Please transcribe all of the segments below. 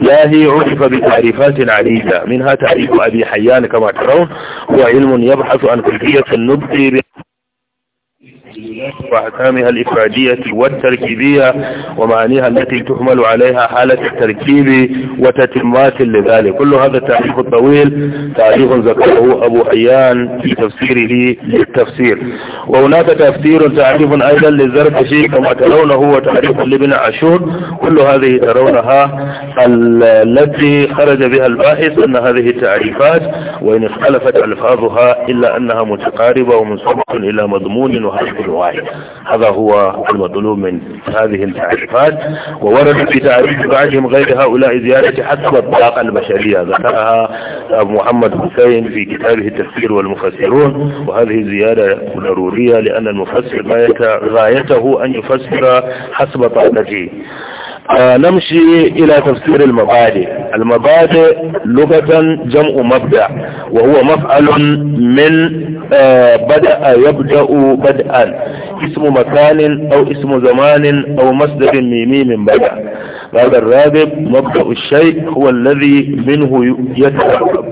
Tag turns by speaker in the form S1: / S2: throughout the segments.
S1: ياهي عرف بتعريفات عديدة منها تعريف أبي حيان كما ترون هو علم يبحث عن كيفية النبض وأحكامها الإفرادية والتركيبية ومعانيها التي تحمل عليها حالة التركيب وتتمات لذلك كل هذا التعريف الطويل تعريف ذكره أبو حيان في تفسيره للتفسير وهناك تفسير تعريف أيضا للزركشي كما ترونه هو تعريف لابن عاشور كل هذه ترونها التي خرج بها الباحث أن هذه التعريفات وإن اختلفت ألفاظها إلا أنها متقاربة ومنصبة إلى مضمون واحد واحد هذا هو المطلوب من هذه التعريفات وورد في تعريف بعضهم غير هؤلاء زيادة حسب الطاقة البشرية ذكرها أبو محمد حسين في كتابه التفسير والمفسرون وهذه زيادة ضرورية لأن المفسر غايته أن يفسر حسب طاقته آه نمشي إلى تفسير المبادئ المبادئ لغة جمع مبدأ وهو مفعل من بدأ يبدأ بدءا اسم مكان أو اسم زمان أو مصدر ميمي من بدأ قال الرادب مبدأ الشيء هو الذي منه يتركب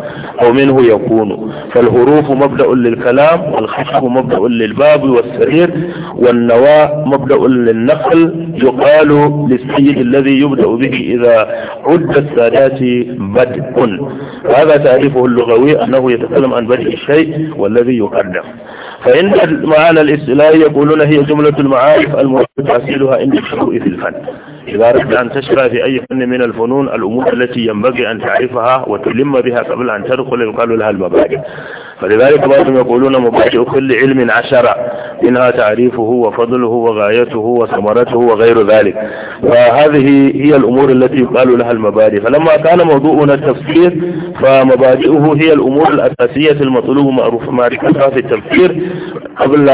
S1: أو منه يكون فالهروف مبدأ للكلام والخشب مبدأ للباب والسرير والنواة مبدأ للنقل يقال للسيد الذي يبدأ به إذا عد السادات بدء هذا تعريفه اللغوي أنه يتكلم عن بدء الشيء والذي يقدم فإن معانا الاستلائي يقولون هي جملة المعارف المهمة تحصيلها عند الشروع في الفن إذا أردت أن تشرع في أي فن من الفنون الأمور التي ينبغي أن تعرفها وتلم بها قبل أن تدخل يقال لها المبادئ فلذلك بعضهم يقولون مباشر كل علم عشرة منها تعريفه وفضله وغايته وثمرته وغير ذلك فهذه هي الأمور التي يقال لها المبادئ فلما كان موضوعنا التفسير فمبادئه هي الأمور الأساسية المطلوب معرفتها في التفسير قبل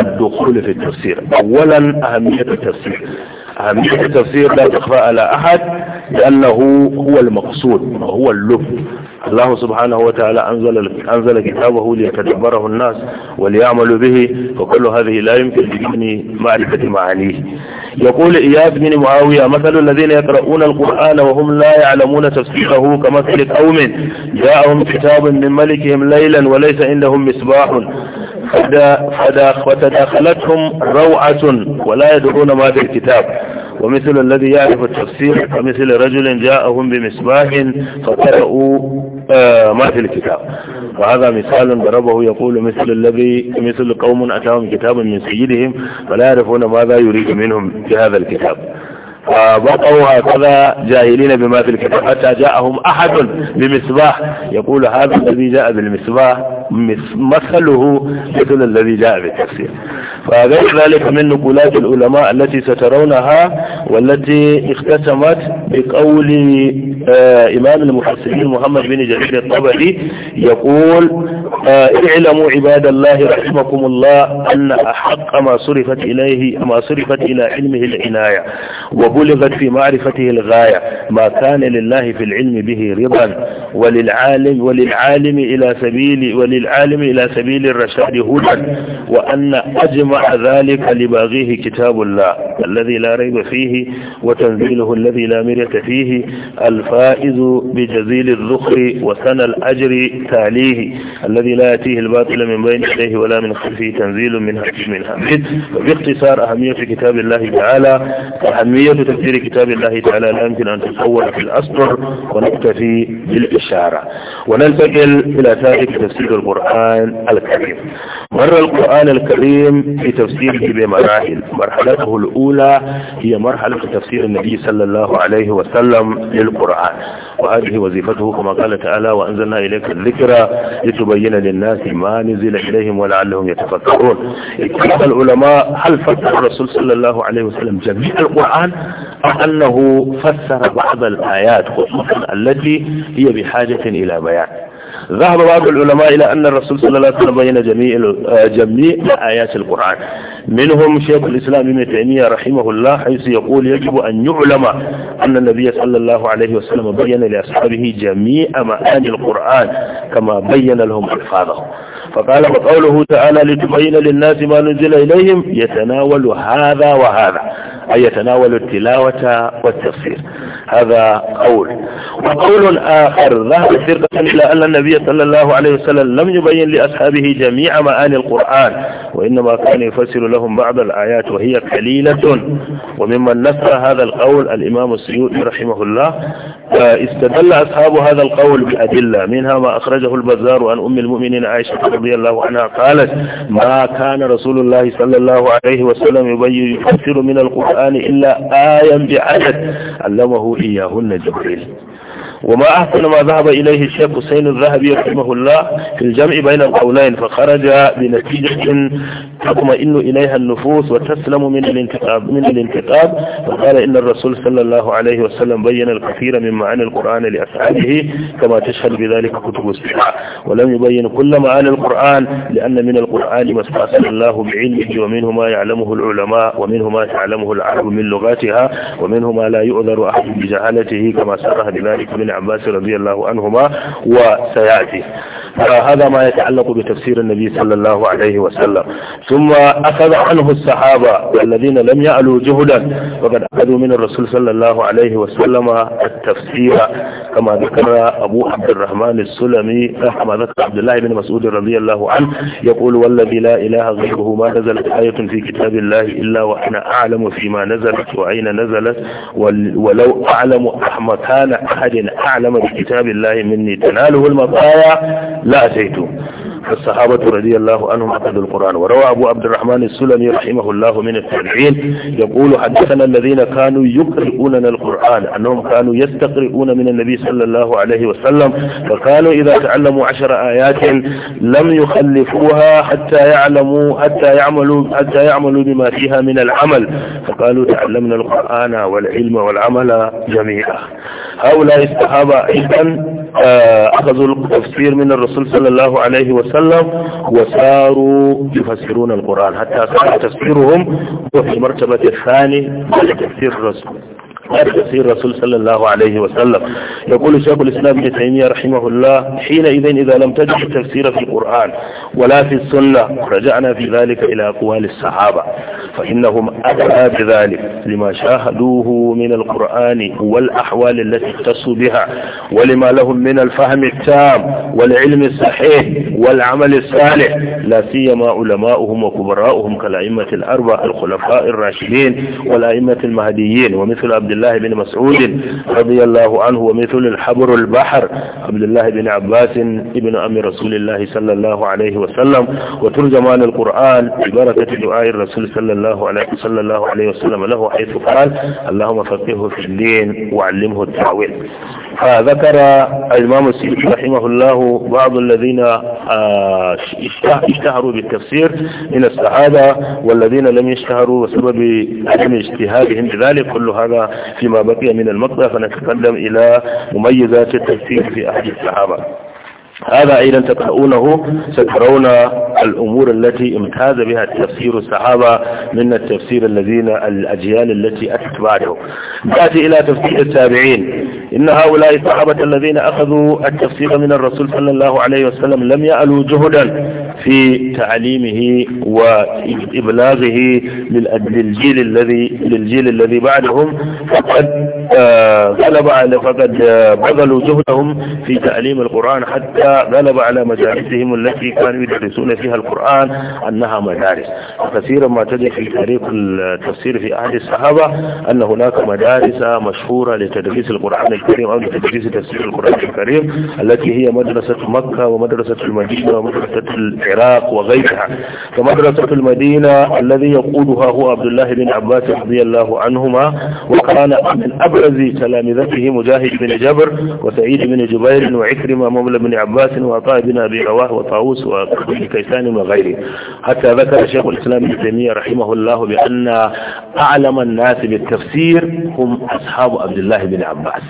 S1: الدخول في التفسير أولا أهمية التفسير أهمية التفسير لا تخفى على أحد لأنه هو المقصود هو اللب الله سبحانه وتعالى أنزل, أنزل كتابه ليتدبره الناس وليعملوا به فكل هذه لا يمكن بدون معرفة معانيه يقول إياد بن معاوية مثل الذين يقرؤون القرآن وهم لا يعلمون تفسيره كمثل قوم جاءهم كتاب من ملكهم ليلا وليس عندهم مصباح فتداخلتهم روعة ولا يدعون ما في الكتاب ومثل الذي يعرف التفسير ومثل رجل جاءهم بمصباح فقرأوا آه، ما في الكتاب وهذا مثال ضربه يقول مثل الذي مثل قوم أتاهم كتاب من سيدهم فلا يعرفون ماذا يريد منهم في هذا الكتاب فبقوا هكذا جاهلين بما في الكتاب حتى جاءهم أحد بمصباح يقول هذا الذي جاء بالمصباح مثله مثل الذي جاء في التفسير فغير ذلك من نقولات العلماء التي سترونها والتي اختتمت بقول آه، إمام المحسنين محمد بن جرير الطبري يقول آه، اعلموا عباد الله رحمكم الله أن أحق ما صرفت إليه ما صرفت إلى علمه العناية وبلغت في معرفته الغاية ما كان لله في العلم به رضا وللعالم وللعالم إلى سبيل ولل العالم إلى سبيل الرشاد هدى وأن أجمع ذلك لباغيه كتاب الله الذي لا ريب فيه وتنزيله الذي لا مرية فيه الفائز بجزيل الذخر وسنى الأجر تاليه الذي لا يأتيه الباطل من بين يديه ولا من خلفه تنزيل من حكيم الحمد باختصار أهمية كتاب الله تعالى أهمية تفسير كتاب الله تعالى لا يمكن أن تتصور في الأسطر ونكتفي بالإشارة وننتقل إلى تاريخ تفسير القرآن القرآن الكريم مر القرآن الكريم في تفسيره بمراحل مرحلته الأولى هي مرحلة تفسير النبي صلى الله عليه وسلم للقرآن وهذه وظيفته كما قال تعالى وأنزلنا إليك الذكرى لتبين للناس ما نزل إليهم ولعلهم يتفكرون اتفق العلماء هل فسر الرسول صلى الله عليه وسلم جميع القرآن أم أنه فسر بعض الآيات خصوصا التي هي بحاجة إلى بيان ذهب بعض العلماء إلى أن الرسول صلى الله عليه وسلم بين جميع آه، جميع آيات القرآن منهم شيخ الإسلام ابن تيمية رحمه الله حيث يقول يجب أن يعلم أن النبي صلى الله عليه وسلم بين لأصحابه جميع معاني القرآن كما بين لهم ألفاظه فقال وقوله تعالى لتبين للناس ما نزل إليهم يتناول هذا وهذا أن يتناول التلاوة والتفسير هذا قول وقول آخر ذهب فرقة إلى أن النبي صلى الله عليه وسلم لم يبين لأصحابه جميع معاني القرآن وإنما كان يفسر لهم بعض الآيات وهي قليلة وممن نفى هذا القول الإمام السيوطي رحمه الله استدل أصحاب هذا القول بأدلة منها ما أخرجه البزار عن أم المؤمنين عائشة رضي الله عنها قالت ما كان رسول الله صلى الله عليه وسلم يبين يفسر من القرآن القرآن إلا آيا بعدد علمه إياهن جبريل وما أحسن ما ذهب إليه الشيخ حسين الذهبي رحمه الله في الجمع بين القولين فخرج بنتيجة تطمئن إليها النفوس وتسلم من الانتقاب من الانتقاب فقال إن الرسول صلى الله عليه وسلم بين الكثير من معاني القرآن لأفعاله كما تشهد بذلك كتب السحاء ولم يبين كل معاني القرآن لأن من القرآن ما استأصل الله بعلمه ومنه ما يعلمه العلماء ومنه ما تعلمه العرب من لغاتها ومنه ما لا يؤذر أحد بجهالته كما سرها بذلك من عباس رضي الله عنهما وسيأتي آه، هذا ما يتعلق بتفسير النبي صلى الله عليه وسلم ثم أخذ عنه الصحابة الذين لم يعلوا جهدا وقد أخذوا من الرسول صلى الله عليه وسلم التفسير كما ذكر أبو عبد الرحمن السلمي كما ذكر عبد الله بن مسعود رضي الله عنه يقول والذي لا إله غيره ما نزلت آية في كتاب الله إلا وإحنا أعلم فيما نزلت وأين نزلت ولو أعلم كان أحد أعلم بكتاب الله مني تناله المطايا أتيته فالصحابة رضي الله عنهم أخذ القرآن وروى أبو عبد الرحمن السلمي رحمه الله من التابعين يقول حدثنا الذين كانوا يقرؤوننا القرآن أنهم كانوا يستقرؤون من النبي صلى الله عليه وسلم فكانوا إذا تعلموا عشر آيات لم يخلفوها حتى يعلموا حتى يعملوا حتى يعملوا بما فيها من العمل فقالوا تعلمنا القرآن والعلم والعمل جميعا هؤلاء الصحابة آه، ايضا أخذوا التفسير من الرسول صلى الله عليه وسلم وصاروا يفسرون القرآن حتى صار تفسيرهم في المرتبة الثانية تفسير الرسول تفسير الرسول صلى الله عليه وسلم يقول شيخ الإسلام ابن تيمية رحمه الله حينئذ إذا لم تجد التفسير في القرآن ولا في السنة رجعنا في ذلك إلى أقوال الصحابة فإنهم أدعى بذلك لما شاهدوه من القرآن والأحوال التي اختصوا بها ولما لهم من الفهم التام والعلم الصحيح والعمل الصالح لا سيما علماؤهم وكبراؤهم كالأئمة الأربعة الخلفاء الراشدين والأئمة المهديين ومثل عبد الله بن مسعود رضي الله عنه ومثل الحبر البحر عبد الله بن عباس ابن أم رسول الله صلى الله عليه وسلم وترجمان القرآن ببركة دعاء الرسول صلى الله عليه صلى الله عليه وسلم له حيث قال اللهم فقهه في الدين وعلمه التعويل ذكر الإمام السيوطي رحمه الله بعض الذين آه، اشتهروا بالتفسير من السعادة والذين لم يشتهروا بسبب عدم اجتهادهم بذلك كل هذا فيما بقي من المقطع فنتقدم إلى مميزات التفسير في أحد الصحابة هذا أيضا تقرؤونه سترون الأمور التي امتاز بها تفسير الصحابة من التفسير الذين الأجيال التي أتبعهم نأتي إلى تفسير التابعين إن هؤلاء الصحابة الذين أخذوا التفسير من الرسول صلى الله عليه وسلم لم يألوا جهدا في تعليمه وإبلاغه للجيل الذي للجيل الذي بعدهم فقد آه، غلب على فقد آه، بذلوا جهدهم في تعليم القرآن حتى غلب على مدارسهم التي كانوا يدرسون فيها القرآن أنها مدارس كثيرا ما تجد في تاريخ التفسير في أهل الصحابة أن هناك مدارس مشهورة لتدريس القرآن الكريم أو لتدريس تفسير القرآن الكريم التي هي مدرسة مكة ومدرسة المدينة ومدرسة العراق وغيرها فمدرسة المدينة الذي يقودها هو عبد الله بن عباس رضي الله عنهما وكان من أبرز برز تلامذته مجاهد بن جبر وسعيد بن جبير وعكرمة مولى بن عباس وعطاء بن أبي رواه وطاووس وابن كيسان وغيره حتى ذكر شيخ الإسلام ابن تيمية رحمه الله بأن أعلم الناس بالتفسير هم أصحاب عبد الله بن عباس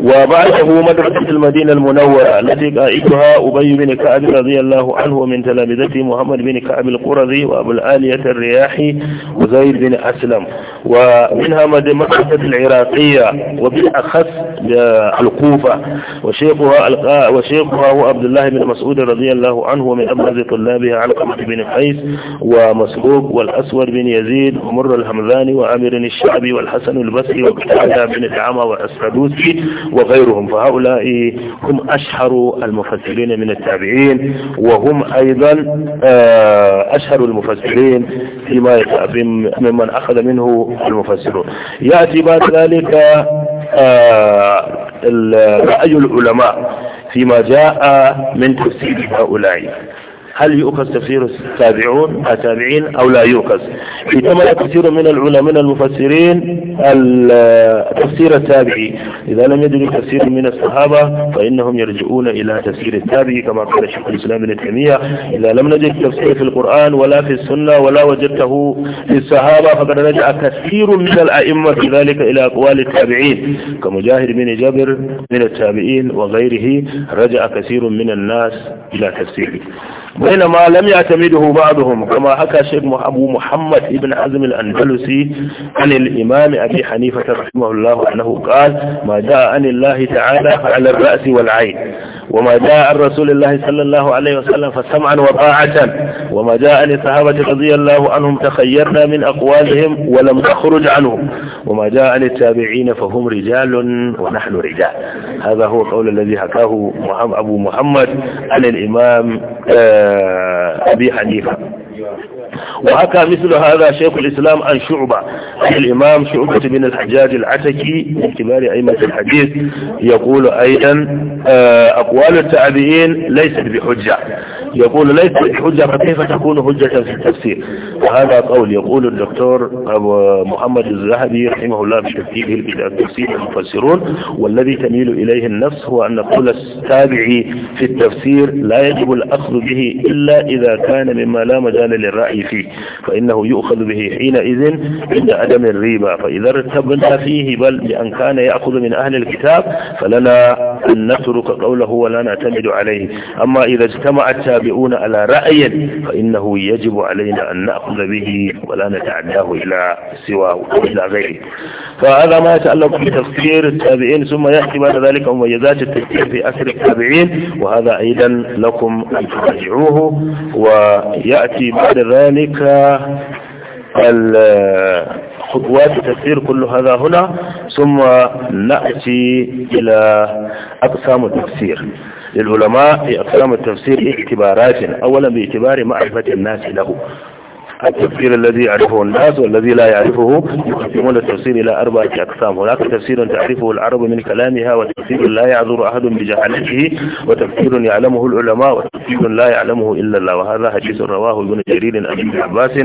S1: وبعثه مدرسة المدينة المنورة التي قائدها أبي بن كعب رضي الله عنه ومن تلامذته محمد بن كعب القرظي وأبو الآلية الرياحي وزيد بن أسلم ومنها مدرسة العراقية وبالأخص الكوفة وشيخها وشيخها هو عبد الله بن مسعود رضي الله عنه ومن أبرز طلابها علقمة بن قيس ومسروق والأسود بن يزيد ومر الهمذاني وعامر الشعبي والحسن البصري وقتادة بن دعامة والسدوسي وغيرهم فهؤلاء هم أشهر المفسرين من التابعين وهم أيضا آه، أشهر المفسرين فيما ممن أخذ منه المفسرون يأتي بعد ذلك آه، رأي العلماء فيما جاء من تفسير هؤلاء هل يؤخذ تفسير التابعون التابعين أو لا يؤخذ في تمر كثير من العلماء من المفسرين التفسير التابعي إذا لم يدرك كثير من الصحابة فإنهم يرجعون إلى تفسير التابعي كما قال شيخ الإسلام ابن تيمية إذا لم نجد تفسير في القرآن ولا في السنة ولا وجدته في الصحابة فقد رجع كثير من الأئمة في ذلك إلى أقوال التابعين كمجاهد بن جابر من التابعين وغيره رجع كثير من الناس إلى تفسيره بينما لم يعتمده بعضهم كما حكى شيخ أبو محمد ابن عزم الأندلسي عن الإمام أبي حنيفة رحمه الله أنه قال ما جاء عن الله تعالى فعلى الرأس والعين وما جاء عن رسول الله صلى الله عليه وسلم فسمعا وطاعة وما جاء لصحابة رضي الله عنهم تخيرنا من أقوالهم ولم نخرج عنهم وما جاء للتابعين فهم رجال ونحن رجال هذا هو قول الذي حكاه أبو محمد عن الإمام آه، أبي حنيفة وحكى مثل هذا شيخ الإسلام عن شعبة الإمام شعبة بن الحجاج العتكي من كبار أئمة الحديث يقول أيضا آه، أقوال التابعين ليست بحجة يقول ليس حجة فكيف تكون حجة في التفسير وهذا قول يقول الدكتور أبو محمد الذهبي رحمه الله بترتيبه التفسير المفسرون والذي تميل إليه النفس هو أن قول التابع في التفسير لا يجب الأخذ به إلا إذا كان مما لا مجال للرأي فيه فإنه يؤخذ به حينئذ عند عدم الريبة فإذا ارتبنا فيه بل بأن كان يأخذ من أهل الكتاب فلنا أن نترك قوله ولا نعتمد عليه أما إذا اجتمع التابع يطلعون على رأي فإنه يجب علينا أن نأخذ به ولا نتعداه إلى سواه إلى غيره فهذا ما يتعلق بتفسير التابعين ثم يأتي بعد ذلك مميزات التفسير في أثر التابعين وهذا أيضا لكم أن تراجعوه ويأتي بعد ذلك خطوات التفسير كل هذا هنا ثم نأتي إلى أقسام التفسير للعلماء في أقسام التفسير اعتبارات أولا باعتبار معرفة الناس له التفسير الذي يعرفه الناس والذي لا يعرفه يقسمون التفسير إلى أربعة أقسام هناك تفسير تعرفه العرب من كلامها وتفسير لا يعذر أحد بجهالته وتفسير يعلمه العلماء وتفسير لا يعلمه إلا الله وهذا حديث رواه ابن جرير عن ابن عباس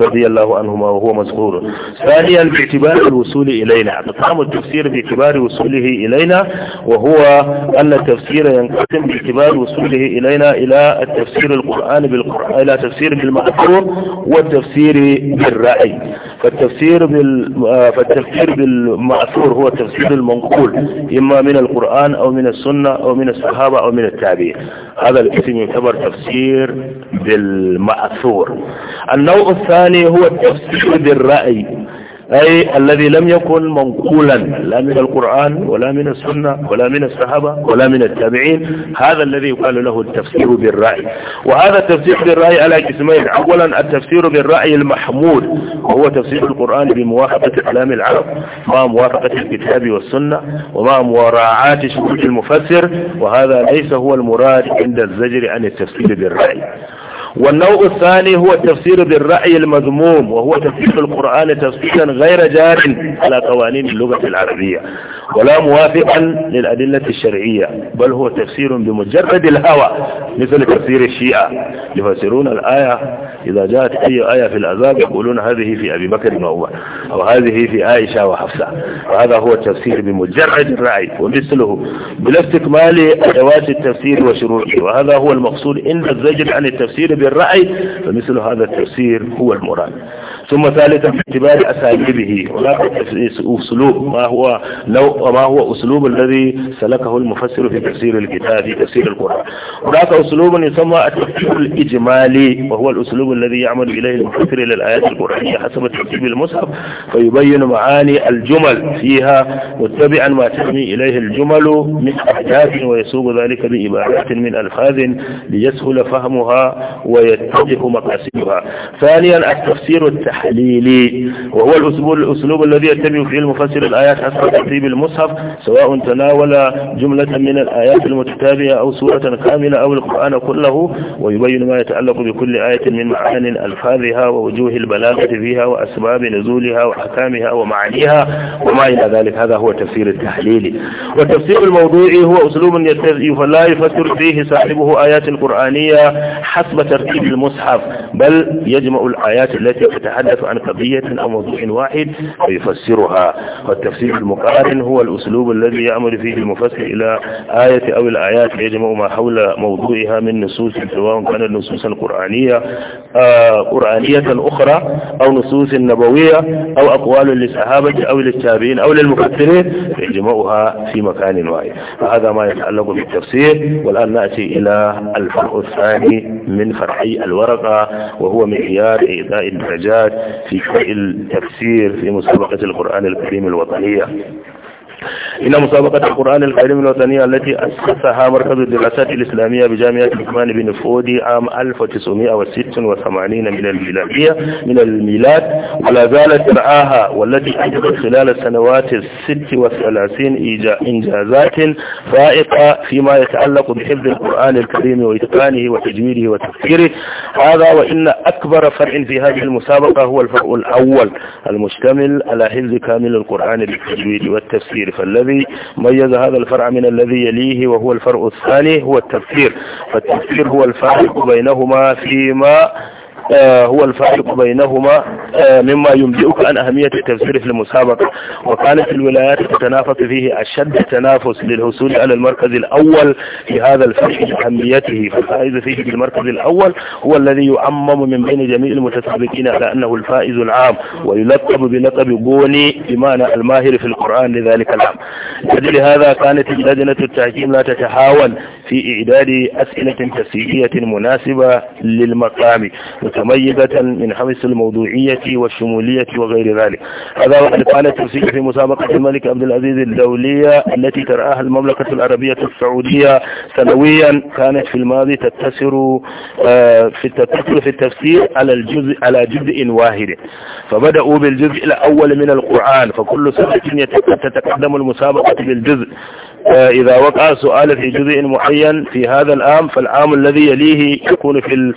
S1: رضي الله عنهما وهو مذكور ثانيا باعتبار الوصول إلينا تقام التفسير باعتبار وصوله إلينا وهو أن التفسير ينقسم باعتبار وصوله إلينا إلى التفسير القرآن بالقرآن إلى تفسير بالمحفور التفسير بالرأي فالتفسير, بال... آه، فالتفسير بالمأثور هو التفسير المنقول إما من القرآن أو من السنة أو من الصحابة أو من التابعين هذا الاسم يعتبر تفسير بالمأثور النوع الثاني هو التفسير بالرأي أي الذي لم يكن منقولا لا من القرآن ولا من السنة ولا من الصحابة ولا من التابعين هذا الذي يقال له التفسير بالرأي وهذا التفسير بالرأي على جسمين أولا التفسير بالرأي المحمود وهو تفسير القرآن بموافقة كلام العرب مع موافقة الكتاب والسنة ومع مراعاة شروط المفسر وهذا ليس هو المراد عند الزجر عن التفسير بالرأي والنوع الثاني هو التفسير بالرأي المذموم وهو تفسير القرآن تفسيرا غير جار على قوانين اللغة العربية ولا موافقا للأدلة الشرعية بل هو تفسير بمجرد الهوى مثل تفسير الشيعة يفسرون الآية إذا جاءت أي آية في العذاب يقولون هذه في أبي بكر وعمر أو هذه في عائشة وحفصة وهذا هو التفسير بمجرد الرأي ومثله بلا استكمال أدوات التفسير وشروعه وهذا هو المقصود إن الزجر عن التفسير بالرأي فمثل هذا التفسير هو المراد ثم ثالثا في اعتبار أساليبه هناك أسلوب ما هو لو ما هو أسلوب الذي سلكه المفسر في تفسير الكتاب في تفسير القرآن هناك أسلوب يسمى التفسير الإجمالي وهو الأسلوب الذي يعمل إليه المفسر إلى الآيات القرآنية حسب ترتيب المصحف فيبين معاني الجمل فيها متبعا ما تحمي إليه الجمل من أحداث ويسوق ذلك بإباحات من ألفاظ ليسهل فهمها ويتضح مقاصدها ثانيا التفسير التحرير التحليلي وهو الأسلوب, الأسلوب الذي يتبع فيه المفسر الآيات حسب ترتيب المصحف سواء تناول جملة من الآيات المتتابعة أو سورة كاملة أو القرآن كله ويبين ما يتعلق بكل آية من معان ألفاظها ووجوه البلاغة فيها وأسباب نزولها وأحكامها ومعانيها وما إلى ذلك هذا هو التفسير التحليلي والتفسير الموضوعي هو أسلوب لا يفسر فيه صاحبه آيات القرآنية حسب ترتيب المصحف بل يجمع الآيات التي تتحدث يتحدث عن قضية أو موضوع واحد فيفسرها والتفسير المقارن هو الأسلوب الذي يعمل فيه المفسر إلى آية أو الآيات يجمع ما حول موضوعها من نصوص سواء كان النصوص القرآنية آه، قرآنية أخرى أو نصوص نبوية أو أقوال للصحابة أو للتابعين أو للمفسرين يجمعها في مكان واحد فهذا ما يتعلق بالتفسير والآن نأتي إلى الفرع الثاني من فرعي الورقة وهو معيار إيذاء الدرجات في شيء التفسير في مسابقة القرآن الكريم الوطنية إن مسابقة القرآن الكريم الوطنية التي أسسها مركز الدراسات الإسلامية بجامعة عثمان بن فودي عام 1986 من الميلادية من الميلاد ولا زالت ترعاها والتي أنجزت خلال السنوات الست 36 إنجازات فائقة فيما يتعلق بحفظ القرآن الكريم وإتقانه وتجويده وتفكيره هذا وإن أكبر فرع في هذه المسابقة هو الفرع الأول المشتمل على حفظ كامل القرآن بالتجويد والتفسير التفسير فالذي ميز هذا الفرع من الذي يليه وهو الفرع الثاني هو التفسير فالتفسير هو الفارق بينهما فيما آه، هو الفارق بينهما آه، مما ينبئك عن أهمية التفسير في المسابقة وكانت الولايات تتنافس فيه أشد التنافس للحصول على المركز الأول في هذا الفرح بأهميته فالفائز فيه بالمركز الأول هو الذي يعمم من بين جميع المتسابقين على أنه الفائز العام ويلقب بلقب بوني بمعنى الماهر في القرآن لذلك العام لذلك هذا كانت لجنة التحكيم لا تتحاول في إعداد أسئلة تفسيرية مناسبة للمقام متميزة من حمس الموضوعية والشمولية وغير ذلك هذا وقد قال تمسيك في مسابقة الملك عبد العزيز الدولية التي ترآها المملكة العربية السعودية سنويا كانت في الماضي تتسر آه، في تتسر في التفسير على الجزء على جزء واحد فبدأوا بالجزء الأول من القرآن فكل سنة تتقدم المسابقة بالجزء آه، إذا وقع سؤال في جزء معين في هذا العام فالعام الذي يليه يكون في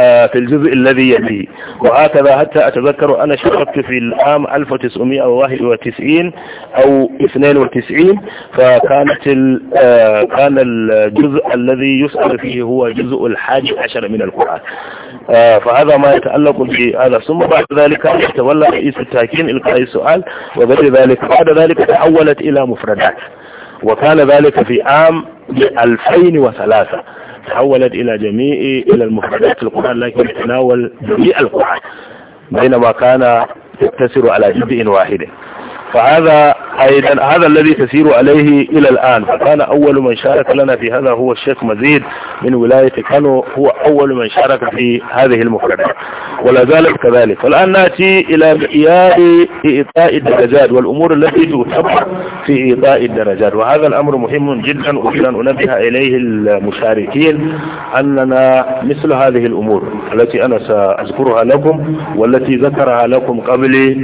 S1: آه، في الجزء الذي يليه وهكذا حتى أتذكر أنا شاركت في العام 1991 أو 92 فكانت آه، كان الجزء الذي يسأل فيه هو جزء الحادي عشر من القرآن فهذا ما يتعلق بهذا ثم بعد ذلك يتولى رئيس التاكين إلقاء السؤال وبعد ذلك بعد ذلك تحولت إلى مفردات وكان ذلك في عام 2003 تحولت إلى جميع إلى المفردات القرآن لكن يتناول جميع القرآن بينما كان يقتصر على جزء واحد فهذا أيضا هذا الذي تسير عليه إلى الآن فكان أول من شارك لنا في هذا هو الشيخ مزيد من ولاية كانو هو أول من شارك في هذه المفردة ولا زالت كذلك فالآن نأتي إلى معيار إعطاء الدرجات والأمور التي تتبع في إعطاء الدرجات وهذا الأمر مهم جدا ان أنبه إليه المشاركين أننا مثل هذه الأمور التي أنا سأذكرها لكم والتي ذكرها لكم قبل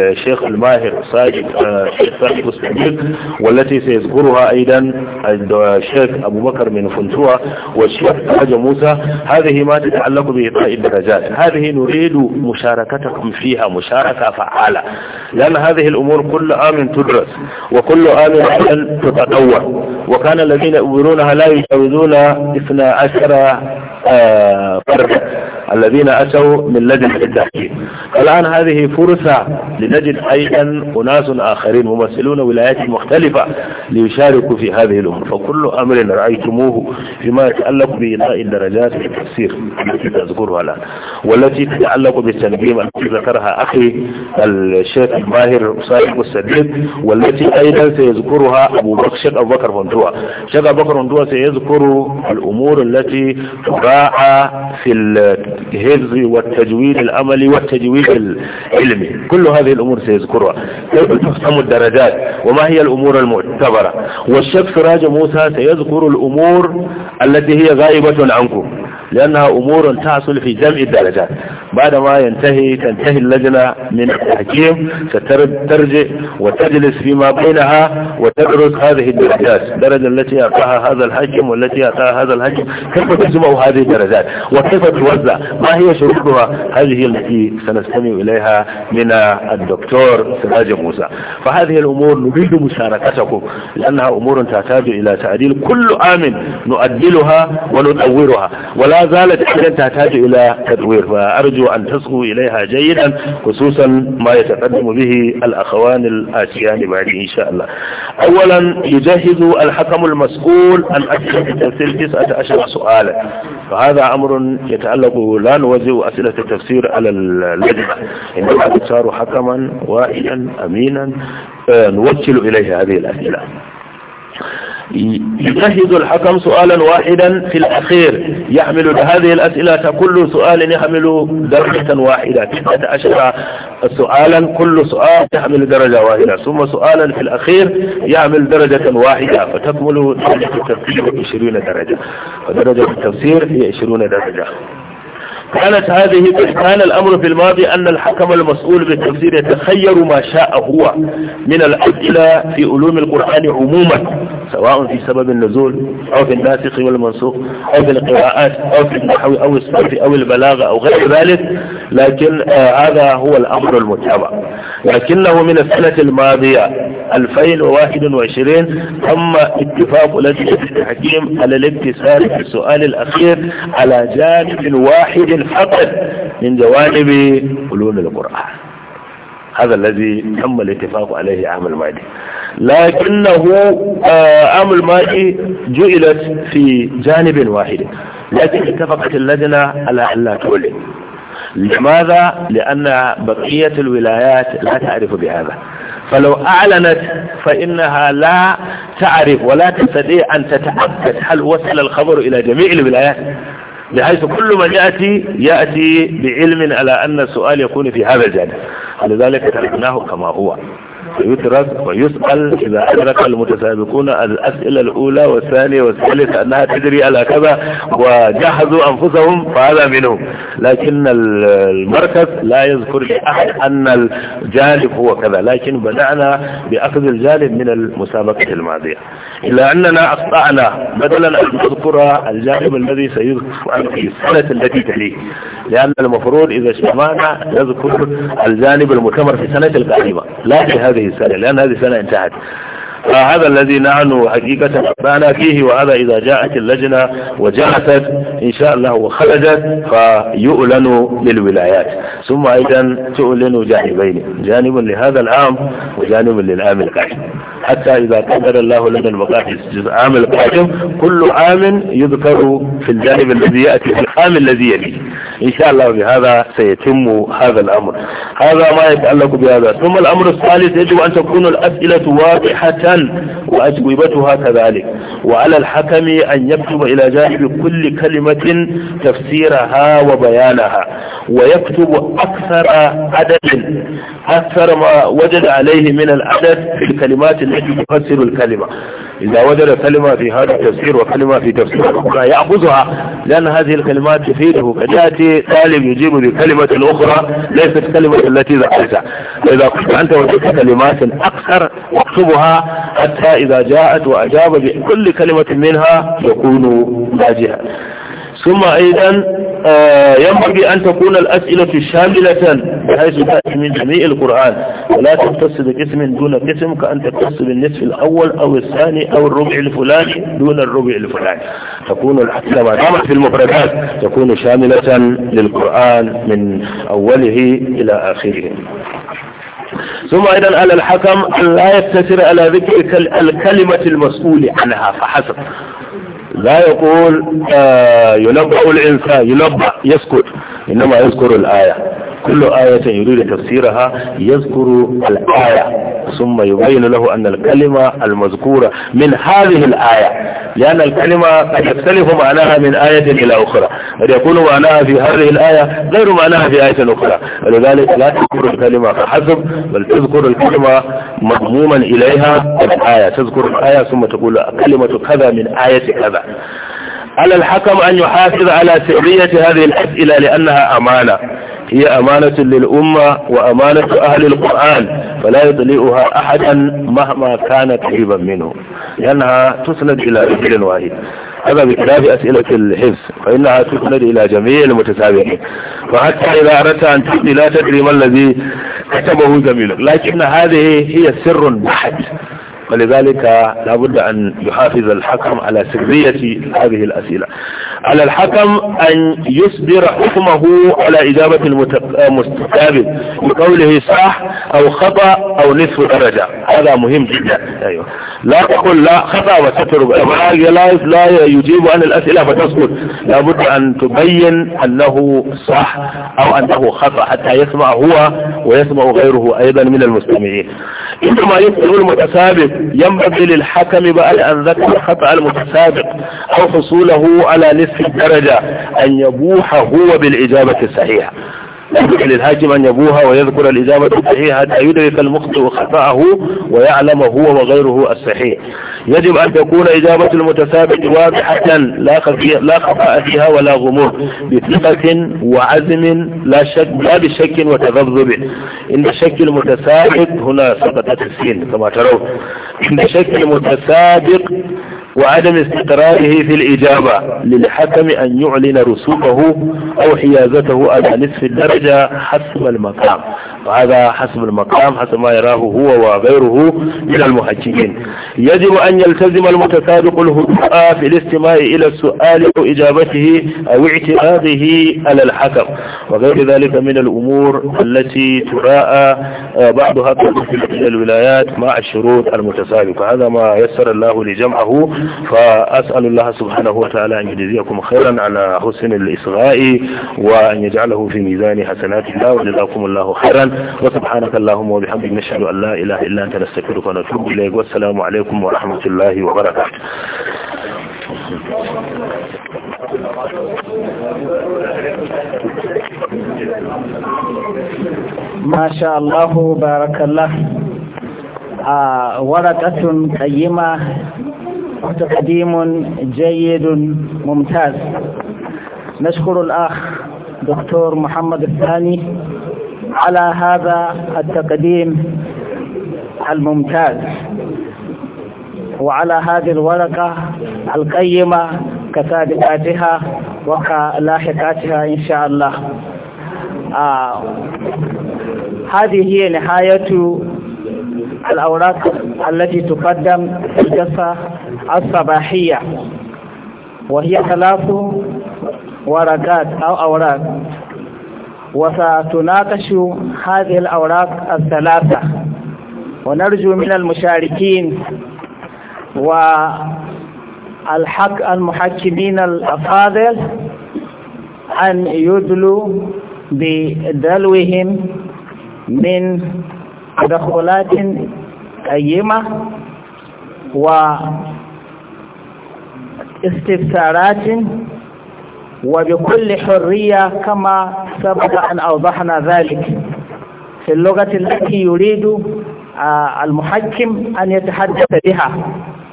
S1: الشيخ الماهر ساجد الشيخ والتي سيذكرها أيضا الشيخ أبو بكر من فنتوى والشيخ حاج موسى هذه ما تتعلق بإعطاء الدرجات هذه نريد مشاركتكم فيها مشاركة فعالة لأن هذه الأمور كل عام تدرس وكل عام تتطور وكان الذين يؤمنونها لا يجاوزون 12 آه، فردا الذين أتوا من لجنة التحكيم الآن هذه فرصة لنجد أيضا أناس آخرين ممثلون ولايات مختلفة ليشاركوا في هذه الأمور فكل أمر رأيتموه فيما يتعلق بإلاء الدرجات في التفسير التي تذكرها الآن والتي تتعلق بالتنظيم التي ذكرها أخي الشيخ الماهر صالح السديد والتي أيضا سيذكرها أبو بكر الشيخ أبو بكر فندوة الشيخ أبو بكر فندوة سيذكر الأمور التي تراعى في الحفظ والتجويد العملي والتجويد العلمي كل هذه الأمور سيذكرها كيف تفهم الدرجات وما هي الأمور المعتبرة والشيخ سراج موسى سيذكر الأمور التي هي غائبة عنكم لأنها أمور تحصل في جمع الدرجات بعدما ينتهي تنتهي اللجنة من التحكيم سترجع وتجلس فيما بينها وتدرس هذه الدرجات الدرجة التي أعطاها هذا الحكم والتي أعطاها هذا الحكم كيف تجمع هذه الدرجات وكيف توزع ما هي شروطها هذه التي سنستمع إليها من الدكتور سراج موسى فهذه الأمور نريد مشاركتكم لأنها أمور تحتاج إلى تعديل كل عام نؤدلها ونطورها ولا ما زالت إذن تحتاج إلى تدوير فأرجو أن تصغوا إليها جيدا خصوصا ما يتقدم به الأخوان الآتيان بعد إن شاء الله أولا يجهز الحكم المسؤول أن أسئلة التفسير 19 سؤالا فهذا أمر يتعلق لا نوزع أسئلة التفسير على اللجنة إنما تختار حكما وائلا أمينا آه، نوكل إليه هذه الأسئلة
S2: يجهز الحكم سؤالا واحدا في
S1: الأخير يحمل هذه الأسئلة كل سؤال يحمل درجة واحدة تسعة سؤالا كل سؤال يحمل درجة واحدة ثم سؤالا في الأخير يحمل درجة واحدة فتكمل درجة التفسير 20 درجة ودرجة التفسير هي 20 درجة كانت هذه كان الأمر في الماضي أن الحكم المسؤول بالتفسير يتخير ما شاء هو من الأدلة في علوم القرآن عموما سواء في سبب النزول أو في الناسخ والمنسوخ أو في القراءات أو في النحو أو الصرف أو البلاغة أو غير ذلك لكن آه، هذا هو الأمر المتبع لكنه من السنة الماضية 2021 تم اتفاق لجنة التحكيم على الابتسام في السؤال الأخير على جانب واحد فقط من جوانب علوم القرآن هذا الذي تم الاتفاق عليه عام الماضي لكنه آه، عام الماضي جئلت في جانب واحد لكن اتفقت اللجنة على أن لا تولد لماذا لأن بقية الولايات لا تعرف بهذا فلو أعلنت فإنها لا تعرف ولا تستطيع أن تتأكد هل وصل الخبر إلى جميع الولايات بحيث كل من يأتي يأتي بعلم على أن السؤال يكون في هذا الجانب لذلك تركناه كما هو يترك ويسأل إذا أدرك المتسابقون الأسئلة الأولى والثانية والثالثة أنها تدري على كذا وجهزوا أنفسهم فهذا منهم لكن المركز لا يذكر لأحد أن الجالب هو كذا لكن بدأنا بأخذ الجالب من المسابقة الماضية إلا أننا أخطأنا بدلا أن نذكر الجانب الذي سيذكر في السنة التي تليه لأن المفروض إذا اجتمعنا نذكر الجانب المؤتمر في السنة القادمة لا في هذه هذه السنة لأن هذه السنة انتهت فهذا الذي نحن حقيقة أبانا فيه وهذا إذا جاءت اللجنة وجلست إن شاء الله وخرجت فيؤلن للولايات ثم أيضا تؤلن جانبين جانب لهذا العام وجانب للعام القادم حتى إذا قدر الله لنا المقاعد العام القادم كل عام يذكر في الجانب الذي يأتي في العام الذي يليه إن شاء الله بهذا سيتم هذا الأمر هذا ما يتعلق بهذا ثم الأمر الثالث يجب أن تكون الأسئلة واضحة وأجوبتها كذلك وعلى الحكم أن يكتب إلى جانب كل كلمة تفسيرها وبيانها ويكتب أكثر عدد أكثر ما وجد عليه من العدد في الكلمات التي تفسر الكلمة إذا وجد كلمة في هذا التفسير وكلمة في تفسير أخرى يأخذها لأن هذه الكلمات تفيده يأتي طالب يجيب بكلمة أخرى ليست كلمة التي ذكرتها فإذا كنت أنت وجدت كلمات أكثر اكتبها حتى إذا جاءت وأجاب بكل كلمة منها يكون ناجحا ثم أيضا آه، ينبغي أن تكون الأسئلة شاملة بحيث تأتي من جميع القرآن ولا تختص بقسم دون قسم كأن تختص بالنصف الأول أو الثاني أو الربع الفلاني دون الربع الفلاني تكون الأسئلة ما دامت في المفردات تكون شاملة للقرآن من أوله إلى آخره ثم أيضا على الحكم أن لا يقتصر على ذكر الكلمة المسؤول عنها فحسب لا يقول آه ينبأ الإنسان ينبأ يسكت إنما يذكر الآية كل آية يريد تفسيرها يذكر الآية ثم يبين له أن الكلمة المذكورة من هذه الآية لأن الكلمة قد يختلف معناها من آية إلى أخرى قد يكون معناها في هذه الآية غير معناها في آية أخرى ولذلك لا تذكر الكلمة فحسب بل تذكر الكلمة مضموما إليها الآية تذكر الآية ثم تقول كلمة كذا من آية كذا على الحكم أن يحافظ على سرية هذه الأسئلة لأنها أمانة هي أمانة للأمة وأمانة أهل القرآن فلا يضلئها أحدا مهما كان قريبا منه لأنها تسند إلى رجل واحد هذا بخلاف أسئلة الحفظ فإنها تسند إلى جميع المتسابقين وحتى إذا أردت أن تسني لا تدري ما الذي كتبه زميلك لكن هذه هي سر بحت ولذلك لابد أن يحافظ الحكم على سرية هذه الأسئلة على الحكم أن يصدر حكمه على إجابة المستقابل آه، بقوله صح أو خطأ أو نصف درجة هذا مهم جدا أيوه. لا تقول لا خطأ وستر لا لا يجيب عن الأسئلة فتسكت لابد أن تبين أنه صح أو أنه خطأ حتى يسمع هو ويسمع غيره أيضا من المستمعين عندما يسأل المتسابق ينبغي للحكم بقى أن ذكر خطأ المتسابق أو حصوله على نصف الدرجة أن يبوح هو بالإجابة الصحيحة يجب للهاجم أن يبوها ويذكر الإجابة الصحيحة حتى يدرك المخطئ خطأه ويعلم هو وغيره الصحيح يجب أن تكون إجابة المتسابق واضحة لا خطأ فيها ولا غموض بثقة وعزم لا شك لا بشك وتذبذب إن الشك المتسابق هنا سقطت السين كما ترون إن الشك المتسابق وعدم استقراره في الإجابة للحكم أن يعلن رسوبه أو حيازته على نصف الدرجة حسب المقام وهذا حسب المقام حسب ما يراه هو وغيره من المحجين يجب أن يلتزم المتسابق الهدوء في الاستماع إلى السؤال أو إجابته أو اعتراضه على الحكم وغير ذلك من الأمور التي تراءى بعضها في الولايات مع الشروط المتسابقة هذا ما يسر الله لجمعه فأسأل الله سبحانه وتعالى أن يجزيكم خيرا على حسن الإصغاء وأن يجعله في ميزان حسنات الله وجزاكم الله خيرا وسبحانك اللهم وبحمدك نشهد أن لا إله إلا أنت نستغفرك ونتوب إليك والسلام عليكم ورحمة الله وبركاته ما شاء الله بارك الله آه، ورقة قيمة تقديم جيد ممتاز نشكر الأخ دكتور محمد الثاني على هذا التقديم الممتاز وعلى هذه الورقة القيمة كسابقاتها وكلاحقاتها إن شاء الله آه هذه هي نهاية الأوراق التي تقدم في الجلسة الصباحية وهي ثلاث ورقات أو أوراق وستناقش هذه الأوراق الثلاثة ونرجو من المشاركين والحق المحكمين الأفاضل أن يدلوا بدلوهم من تدخلات قيمة واستفسارات وبكل حرية كما سبق أن أوضحنا ذلك في اللغة التي يريد آه، المحكم أن يتحدث بها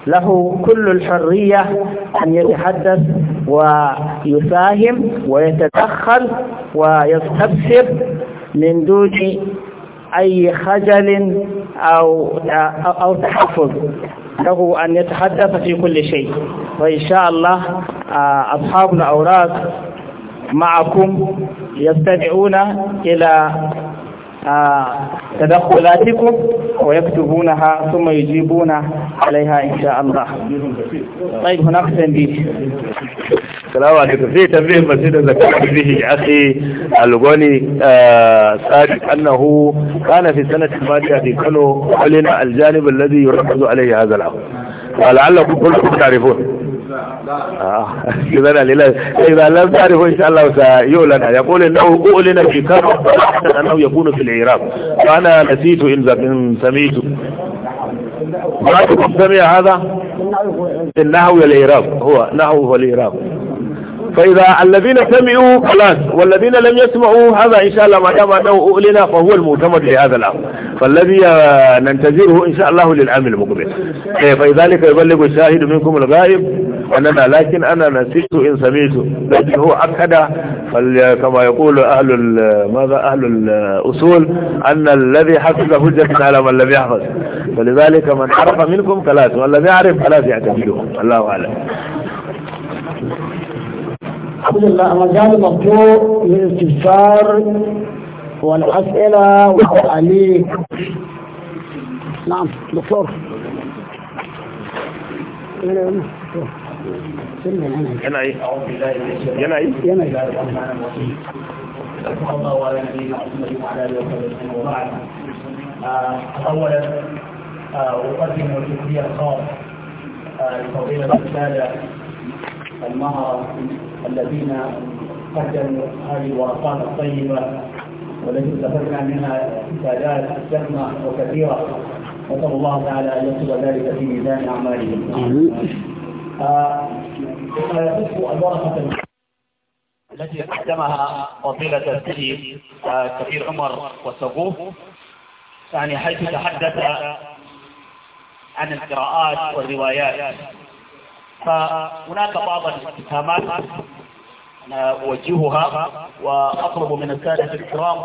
S1: له كل الحرية أن يتحدث ويساهم ويتدخل ويستفسر من دون أي خجل أو, آه، أو تحفظ له أن يتحدث في كل شيء وإن شاء الله آه، أصحاب الأوراق معكم يستمعون إلى تدخلاتكم ويكتبونها ثم يجيبون عليها إن شاء الله طيب هناك تنبيه السلام عليكم في تنبيه مسجد ذكرت به أخي الغني سابق آه، أنه كان في السنة الماضية في كانوا علينا الجانب الذي يركز عليه هذا الأمر
S2: ولعلكم كلكم تعرفون
S1: آه. إذا قال إذا لم تعرفوا إن شاء الله سيؤلن يقول إنه اعلن في كرم أنه يكون في العراق فانا نسيت إن سميته
S3: رأيكم سمع هذا النحو والعراق
S1: هو نحو والعراق فإذا الذين سمعوا خلاص والذين لم يسمعوا هذا إن شاء الله ما دام أنه أؤلنا فهو المعتمد لهذا الأمر فالذي آه، ننتظره إن شاء الله للعام المقبل إيه، فلذلك يبلغ الشاهد منكم الغائب أننا لكن أنا نسيت إن سمعت لكن هو أكد كما يقول أهل ماذا أهل الأصول أن الذي حفظ حجة على من لم يحفظ فلذلك من عرف منكم ثلاث من لم يعرف فلا يعتمده الله أعلم
S3: الحمد لله مجال مفتوح للاستفسار والأسئلة والتعليق نعم دكتور yana yi yana yi yana
S1: yi أولا آه، أقدم الشكرية الخاص آه، لفضيلة السادة المهرة الذين قدموا هذه الورقات الطيبة والتي استفدنا منها إفادات جمة وكثيرة نسأل الله تعالى أن يكتب ذلك في ميزان أعمالهم. آمين.
S3: آه، يصف الورقة التي قدمها فضيلة السيد آه، كبير عمر
S1: وسقوف يعني حيث تحدث عن القراءات والروايات فهناك بعض الاتهامات
S3: أنا أوجهها وأطلب من السادة الكرام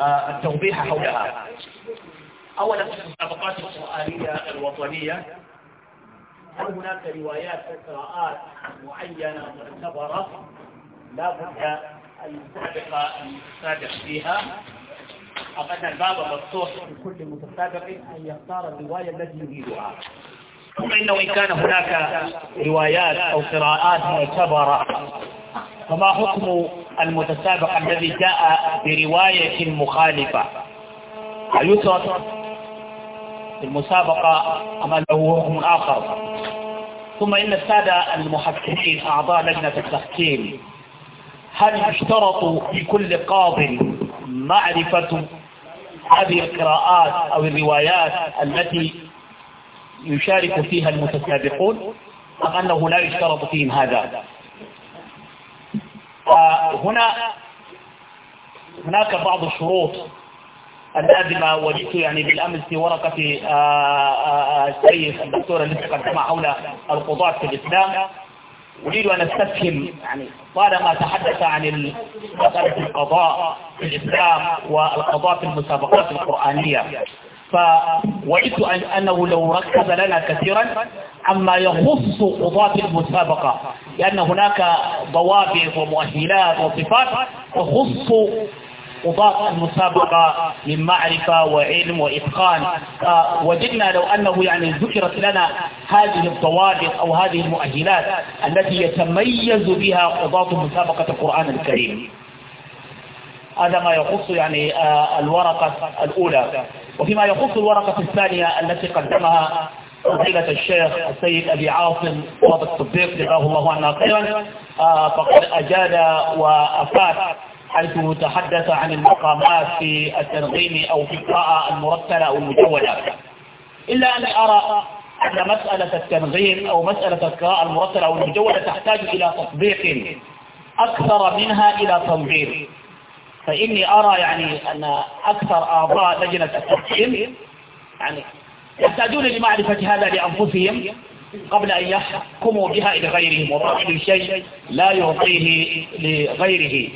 S3: آه، التوضيح حولها
S1: أولا المسابقات القرآنية الوطنية هل هناك روايات وقراءات معينة
S3: معتبرة لا بد أن يسابق المتسابق فيها فقد الباب مفتوح لكل متسابق أن يختار الرواية التي يريدها ثم إنه إن كان هناك روايات أو قراءات معتبرة
S1: فما حكم المتسابق الذي جاء برواية مخالفة يترك في المسابقة أما له وهم آخر ثم إن السادة المحكمين أعضاء لجنة التحكيم هل يشترط كل قاض معرفة هذه القراءات أو الروايات التي
S3: يشارك فيها المتسابقون أم أنه لا يشترط فيهم هذا آه، هنا هناك بعض الشروط
S1: النائبة وجدت يعني بالأمس في ورقة آه، آه، آه، السيد الدكتور الذي تقدم حول القضاة في الإسلام أريد أن أستفهم يعني طالما تحدث عن مسألة القضاء في الإسلام والقضاء في المسابقات القرآنية فوجدت أنه لو ركز لنا كثيرا عما يخص قضاة المسابقة لأن هناك ضوابط ومؤهلات وصفات تخص وضاف المسابقة من معرفة وعلم وإتقان آه، وجدنا لو أنه يعني ذكرت لنا هذه الضوابط أو هذه المؤهلات التي يتميز بها قضاة مسابقة القرآن الكريم هذا ما يخص يعني آه، الورقة الأولى وفيما يخص الورقة الثانية التي قدمها فضيلة الشيخ السيد أبي عاصم وابد الصديق جزاه الله عنا خيرا آه، فقد أجاد وأفاد حيث تحدث عن المقامات في التنظيم أو في القراءة المرتلة أو المجودة
S3: إلا أن أرى
S1: أن مسألة التنظيم أو مسألة القراءة المرتلة أو المجودة تحتاج إلى تطبيق
S3: أكثر منها إلى تنظيم فإني أرى يعني أن أكثر أعضاء لجنة التنظيم يعني يحتاجون لمعرفة هذا لأنفسهم قبل أن يحكموا بها إلى غيرهم وباطل الشيء لا
S1: يعطيه لغيره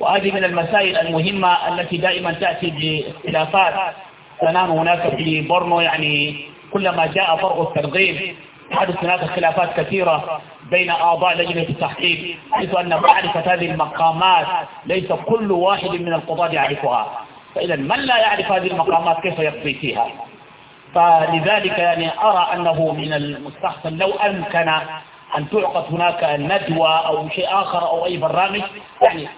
S1: وهذه من المسائل المهمة التي دائما تأتي باختلافات تنام هناك في بورنو يعني كلما جاء فرع التنظيم حدث هناك خلافات كثيرة بين أعضاء لجنة التحقيق حيث أن معرفة هذه المقامات ليس كل واحد من القضاة يعرفها فإذا من لا يعرف هذه المقامات كيف يقضي فيها فلذلك يعني أرى أنه من المستحسن لو أمكن أن تعقد هناك ندوة أو شيء آخر أو أي برنامج يعني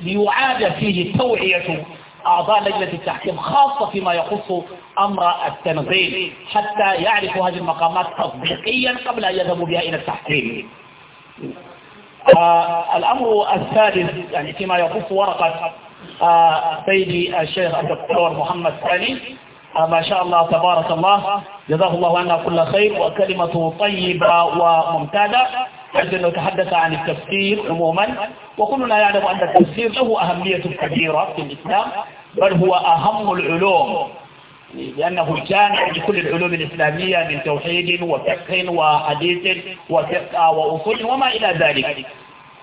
S1: ليعاد فيه توعية أعضاء
S3: لجنة التحكيم خاصة فيما يخص أمر التنظيم حتى يعرف هذه المقامات تطبيقيا قبل أن يذهبوا بها إلى التحكيم
S1: الأمر الثالث يعني فيما يخص ورقة آه، سيدي الشيخ الدكتور محمد ثاني آه، ما شاء الله تبارك الله جزاه الله عنا كل خير وكلمته طيبة وممتازة أنه تحدث عن التفسير عموما وكلنا يعلم أن التفسير له أهمية كبيرة في الإسلام بل هو أهم العلوم لأنه جامع لكل العلوم الإسلامية من توحيد وفقه وحديث وفقه وأصول وما إلى ذلك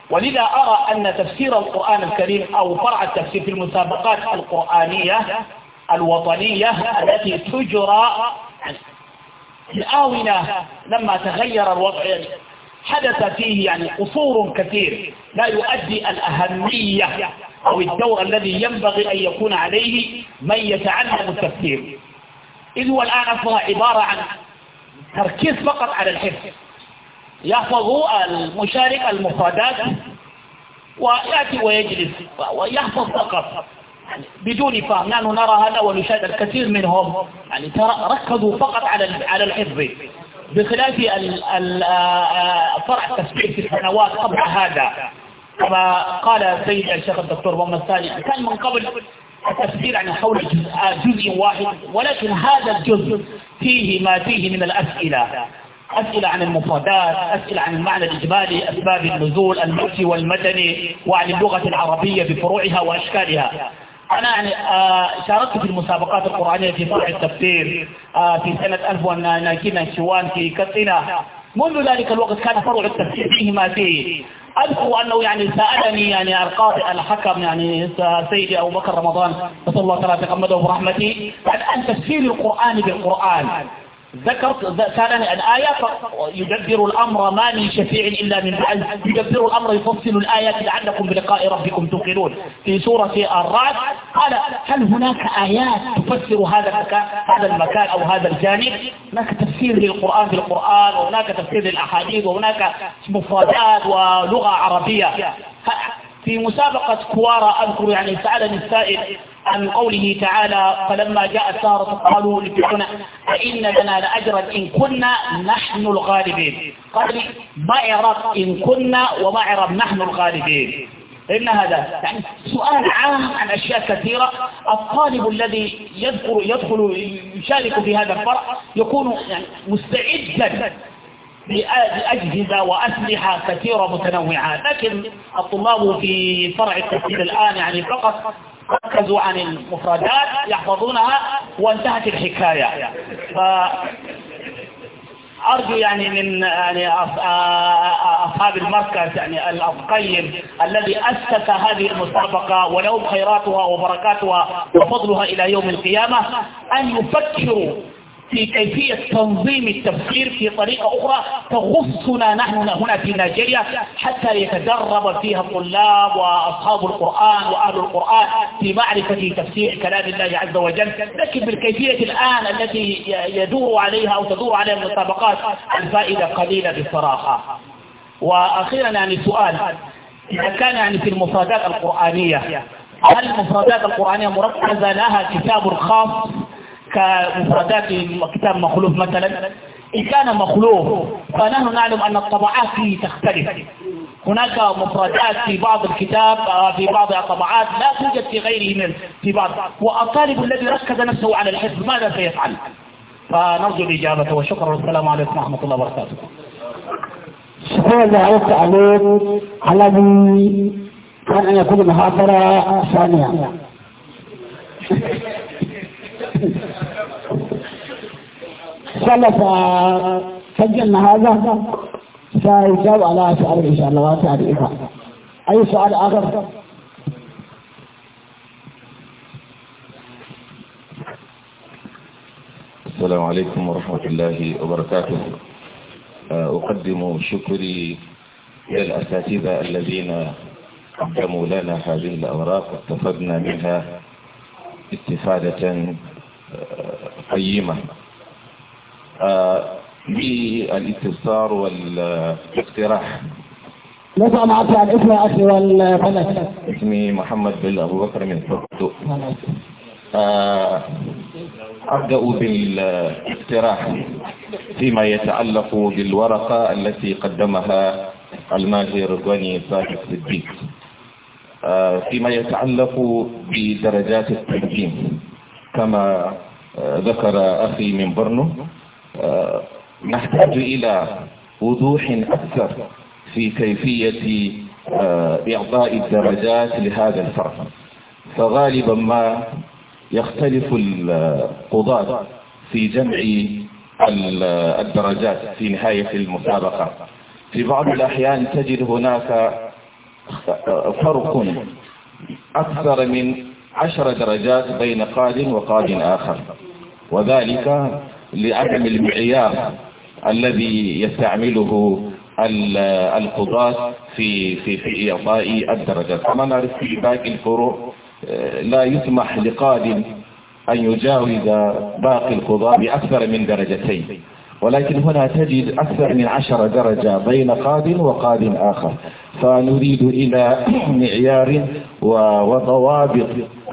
S1: ولذا أرى أن تفسير القرآن الكريم أو فرع التفسير في المسابقات القرآنية
S3: الوطنية التي تجرى الآونة لما تغير الوضع حدث فيه يعني قصور كثير لا يؤدي الأهمية أو الدور الذي ينبغي أن يكون
S1: عليه من يتعلم التفكير إذ هو الآن أصبح عبارة عن تركيز فقط على الحفظ يحفظ المشارك المفردات
S3: ويأتي ويجلس ويحفظ فقط بدون فهم نحن نرى هذا ونشاهد الكثير منهم يعني ركزوا فقط على على الحفظ
S1: بخلاف فرح التسبيح في السنوات قبل هذا كما قال سيد الشيخ الدكتور محمد الثاني كان من قبل التفسير
S3: عن حول جزء واحد ولكن هذا الجزء فيه ما فيه من الأسئلة أسئلة عن المفردات أسئلة عن المعنى الإجمالي أسباب النزول
S1: المرسي والمدني وعن اللغة العربية بفروعها وأشكالها أنا يعني آه،
S3: شاركت في المسابقات القرآنية في فرع التفسير آه، في سنة 1991 في كتنا منذ ذلك الوقت كان فرع التفسير فيه ما فيه أذكر أنه يعني سألني يعني القاضي الحكم يعني سيدي أبو بكر رمضان نسأل الله تعالى تقمده برحمته عن تفسير القرآن بالقرآن ذكرت كان الآية يدبر الأمر ما من شفيع إلا من بعد يدبر الأمر يفصل الآيات لعلكم بلقاء ربكم توقنون في سورة الرعد قال هل هناك آيات تفسر هذا المكان هذا المكان أو هذا الجانب هناك تفسير للقرآن بالقرآن وهناك تفسير للأحاديث وهناك مفردات ولغة عربية في مسابقة كوارا أذكر يعني سألني السائل عن قوله تعالى فلما جاءت سارة قالوا لفرعون فإن لنا لأجرا إن كنا نحن الغالبين قال ما إعراب إن كنا وما إعراب نحن الغالبين إن هذا يعني سؤال عام عن أشياء كثيرة الطالب الذي يدخل, يدخل يشارك في هذا الفرع يكون يعني مستعدا بأجهزة وأسلحة كثيرة متنوعة لكن الطلاب في فرع التفسير الآن يعني فقط ركزوا عن المفردات يحفظونها وانتهت الحكاية
S1: أرجو يعني من يعني أصحاب المركز يعني
S3: القيم الذي أسس هذه المسابقة ولو خيراتها وبركاتها وفضلها إلى يوم القيامة أن يفكروا في كيفية تنظيم
S1: التفكير في طريقة أخرى تخصنا نحن هنا في نيجيريا حتى يتدرب
S3: فيها الطلاب وأصحاب القرآن وأهل القرآن في معرفة تفسير كلام الله عز وجل لكن بالكيفية الآن التي يدور عليها أو تدور عليها
S1: المسابقات الفائدة قليلة بصراحة وأخيرا يعني سؤال
S3: إذا كان يعني في المفردات القرآنية هل المفردات القرآنية مركزة لها كتاب خاص كمفردات كتاب مخلوف مثلا إن كان مخلوف فنحن نعلم أن الطبعات فيه تختلف هناك مفردات في بعض الكتاب آه، في بعض الطبعات لا توجد في غيره من في بعض والطالب الذي ركز نفسه على الحفظ ماذا سيفعل؟ فنرجو الإجابة وشكرا والسلام عليكم ورحمة الله وبركاته شكرا على من الذي كان أن يكون محاضرة ثانية الله سجلنا هذا سيجاوب على سؤال إن شاء الله وسأل أي سؤال آخر
S1: السلام عليكم ورحمة الله وبركاته آه، أقدم شكري للأساتذة
S4: الذين قدموا لنا هذه الأوراق واستفدنا منها
S5: استفادة آه، قيمة آه، للاستفسار والاقتراح
S3: نسأل عطي عن اسم أخي والبلد
S1: اسمي محمد بن أبو بكر من فقدو آه، أبدأ بالاقتراح فيما يتعلق بالورقة التي قدمها الماجر غني صادق الدين آه، فيما يتعلق بدرجات التنجيم كما ذكر أخي من برنو نحتاج إلى
S5: وضوح أكثر
S1: في كيفية آه، إعطاء الدرجات لهذا الفرق فغالبا ما يختلف القضاة في جمع الدرجات في نهاية المسابقة في بعض الأحيان تجد هناك آه، فرق أكثر من عشر درجات بين قاد وقاد آخر وذلك لعدم المعيار الذي يستعمله القضاة في في في إعطاء الدرجات كما نعرف في باقي الفروع لا يسمح لقادم أن يجاوز باقي القضاة بأكثر من درجتين ولكن هنا تجد أكثر من عشر درجة بين قادم وقادم آخر فنريد إلى معيار وضوابط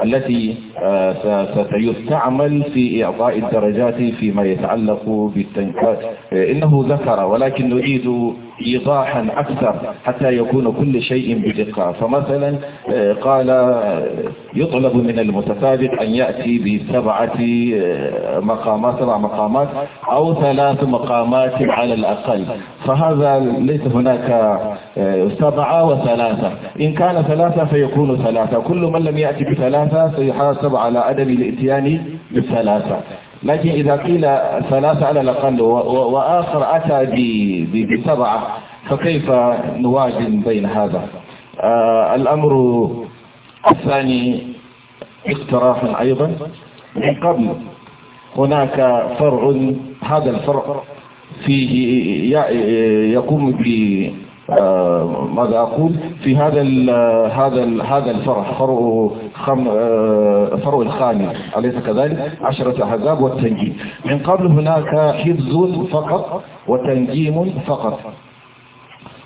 S1: التي آه، ستستعمل في إعطاء الدرجات فيما يتعلق بالتنكات إنه ذكر ولكن نريد إيضاحا أكثر حتى يكون كل شيء بدقة فمثلا آه، قال آه، يطلب من المتسابق أن يأتي بسبعة مقامات سبع مقامات أو ثلاث مقامات على الأقل فهذا ليس هناك سبعة
S2: وثلاثة
S1: إن كان ثلاثة فيكون ثلاثة كل من لم يأتي بثلاثة سيحاسب على عدم الاتيان بثلاثة لكن إذا قيل ثلاثة على الأقل وآخر أتى بسبعة فكيف نوازن بين هذا آه، الأمر الثاني اقتراح أيضا من قبل هناك فرع هذا الفرع فيه يقوم ب آه، ماذا أقول في هذا ال هذا ال هذا الفرع فرع خم آه، فرع الخامس أليس كذلك عشرة أحزاب والتنجيم من قبل هناك حفظ فقط وتنجيم فقط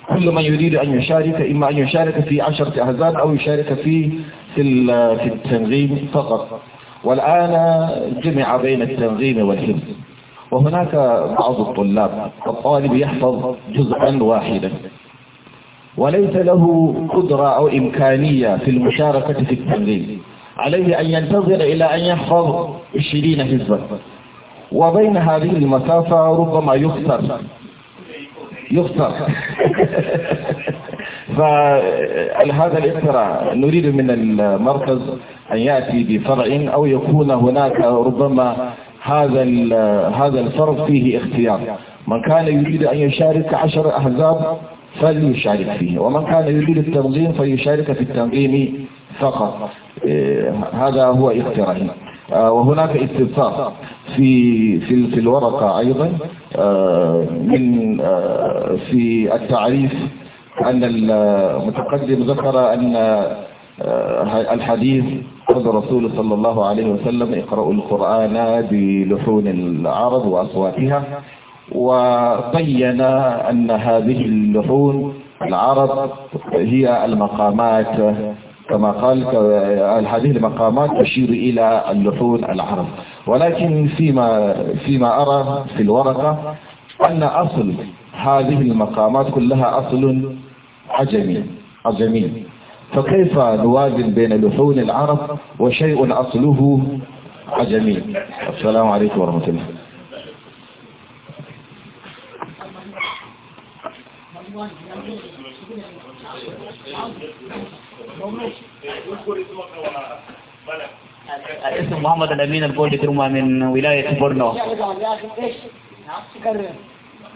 S1: كل من يريد أن يشارك إما أن يشارك في عشرة أحزاب أو يشارك في في في التنظيم فقط والآن جمع بين التنظيم والحفظ وهناك بعض الطلاب الطالب يحفظ جزءا واحدا وليس له قدرة أو إمكانية في المشاركة في التنظيم عليه أن ينتظر إلى أن يحفظ 20 حزبا وبين هذه المسافة ربما يخسر يخسر فهذا الاقتراع نريد من المركز أن يأتي بفرع أو يكون هناك ربما هذا هذا الفرع فيه اختيار من كان يريد أن يشارك عشر أحزاب فليشارك فيه ومن كان يريد التنظيم فليشارك في التنظيم فقط إيه، هذا هو اقتراحي آه، وهناك استفسار في في في الورقة أيضا آه، من آه، في التعريف أن المتقدم ذكر أن الحديث قال الرسول صلى الله عليه وسلم اقرأوا القرآن بلحون العرب وأصواتها وبين أن هذه اللحون العرب هي المقامات كما قال هذه المقامات تشير إلى اللحون العرب ولكن فيما, فيما أرى في الورقة أن أصل هذه المقامات كلها أصل عجمي عجمي فكيف نوازن بين لحون العرب وشيء أصله عجمي السلام عليكم ورحمة الله
S2: الاسم
S3: محمد الأمين البول ترمى من ولاية بورنو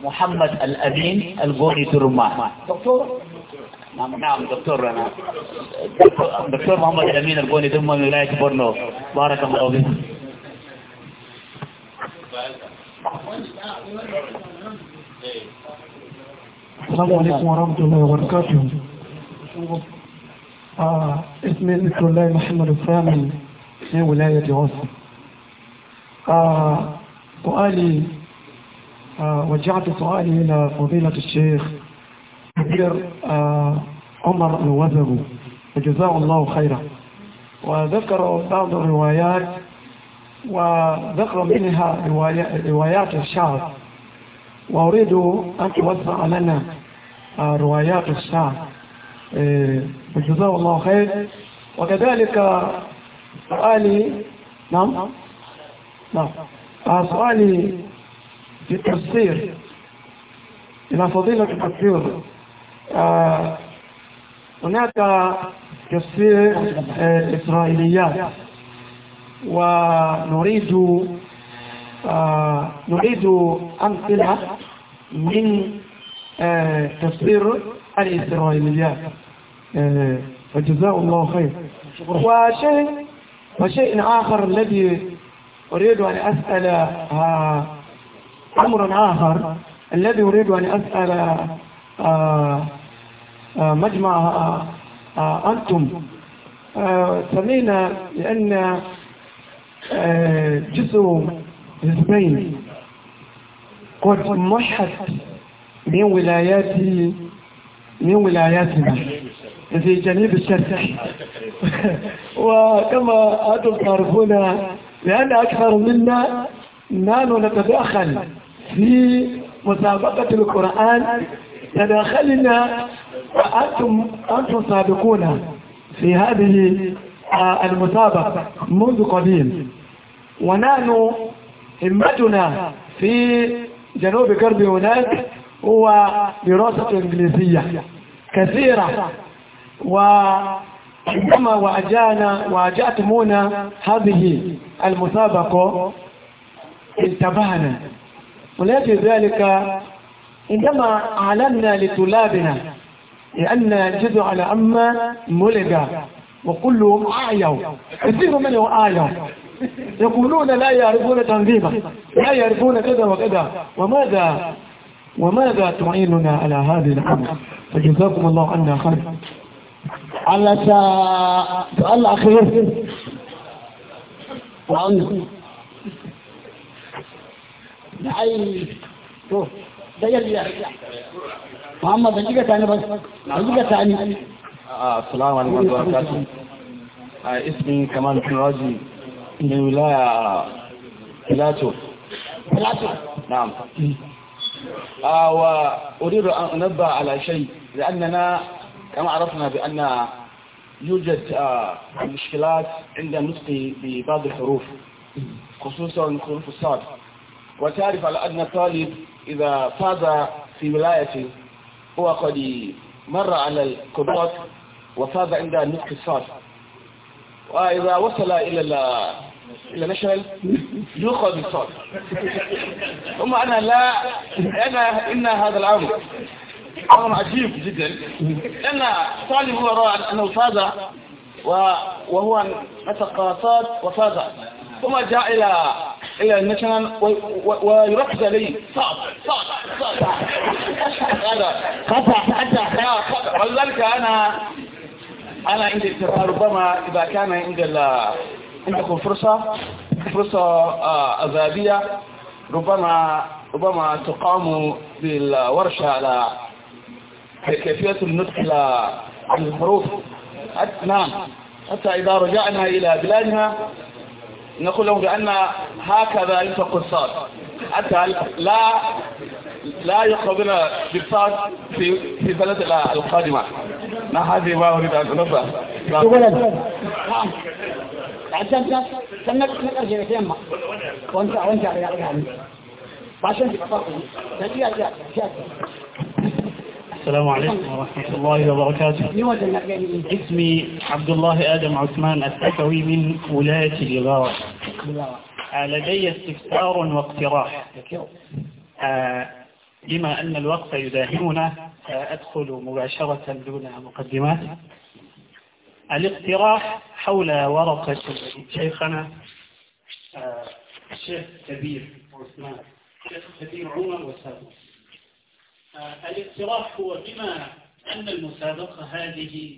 S1: محمد الأمين البول ترمى
S3: دكتور نعم نعم دكتور أنا
S1: دكتور محمد الأمين البول ترمى من ولاية بورنو بارك
S4: الله فيك السلام عليكم ورحمة الله وبركاته آه اسمي ذكر الله محمد الثامن من ولاية غصر آه سؤالي آه وجعت سؤالي إلى فضيلة الشيخ كبير آه، عمر الوزر وجزاه الله خيرا وذكر بعض الروايات وذكر منها روايات الشعر وأريد أن توسع لنا روايات الشعر إيه، جزاه الله خير وكذلك سؤالي نعم نعم آه، سؤالي في التفسير إلى فضيلة التفسير آه، هناك تفسير الإسرائيليات آه، ونريد نريد أمثلة من تفسير الإسرائيليات فجزاء آه، الله خير وشيء وشيء آخر الذي أريد أن أسأل أمر آخر الذي أريد أن أسأل آه، آه، مجمع أنتم سمينا لأن جسم جسمين قد محت من ولايات من ولاياتنا في جنوب الشرق وكما أنتم تعرفون لأن أكثر منا نحن نتدخل في مسابقة القرآن تداخلنا وأنتم أنتم صادقون في هذه المسابقة منذ قديم ونحن همتنا في جنوب غرب هناك هو دراسة إنجليزية كثيرة وعندما واجانا واجأتمونا هذه المسابقة انتبهنا ولكن ذلك عندما أعلمنا لطلابنا لأن جزء على أما ملغى وكلهم آيوا كثير منهم آيوا يقولون لا يعرفون تنظيما لا يعرفون كذا وكذا وماذا وماذا تعيننا على هذه الأمر فجزاكم الله عنا خير
S3: على سؤال أخير نعم. محمد بس
S1: آه، السلام عليكم ورحمة الله وبركاته آه، اسمي كمال كراجي من ولاية بلاتو بلاتو نعم آه وأريد أن أنبه على شيء لأننا كما عرفنا بأن يوجد آه مشكلات عند النطق ببعض الحروف خصوصا حروف الصاد وتعرف على أن الطالب إذا فاز في ولايته هو قد مر على القدرات وفاز عند النطق الصاد وإذا وصل إلى international يوقع بالصالح
S2: ثم أنا لا
S3: أنا إن هذا الأمر أمر عجيب جدا أنا طالب راى أنه فاز وهو نسق نتقاطات وفاز
S1: ثم جاء إلى إلى النشنال ويركز لي صعب صعب
S2: صعب هذا خطأ خطأ
S1: ولذلك أنا أنا عندي ربما إذا كان عند عندكم فرصة فرصة أذابية آه، ربما ربما تقام بالورشة على كيفية النطق على الحروف نعم حتى إذا رجعنا إلى بلادنا نقول لهم بأن هكذا ينطق الصاد حتى لا لا يقربنا بالصاد في في بلد القادمة ما هذه ما أريد أن أنبه
S3: عشان وانت وانت يعني عشان
S4: السلام عليكم ورحمة الله وبركاته
S1: اسمي عبد الله آدم عثمان السكوي من ولاية الإغارة آه، لدي استفسار واقتراح بما آه، أن الوقت يداهمنا آه، أدخل مباشرة دون مقدمات
S4: الاقتراح حول ورقة شيخنا
S2: آه، الشيخ كبير عثمان الشيخ كبير عمر وسابق
S3: آه، الاقتراح هو بما أن المسابقة هذه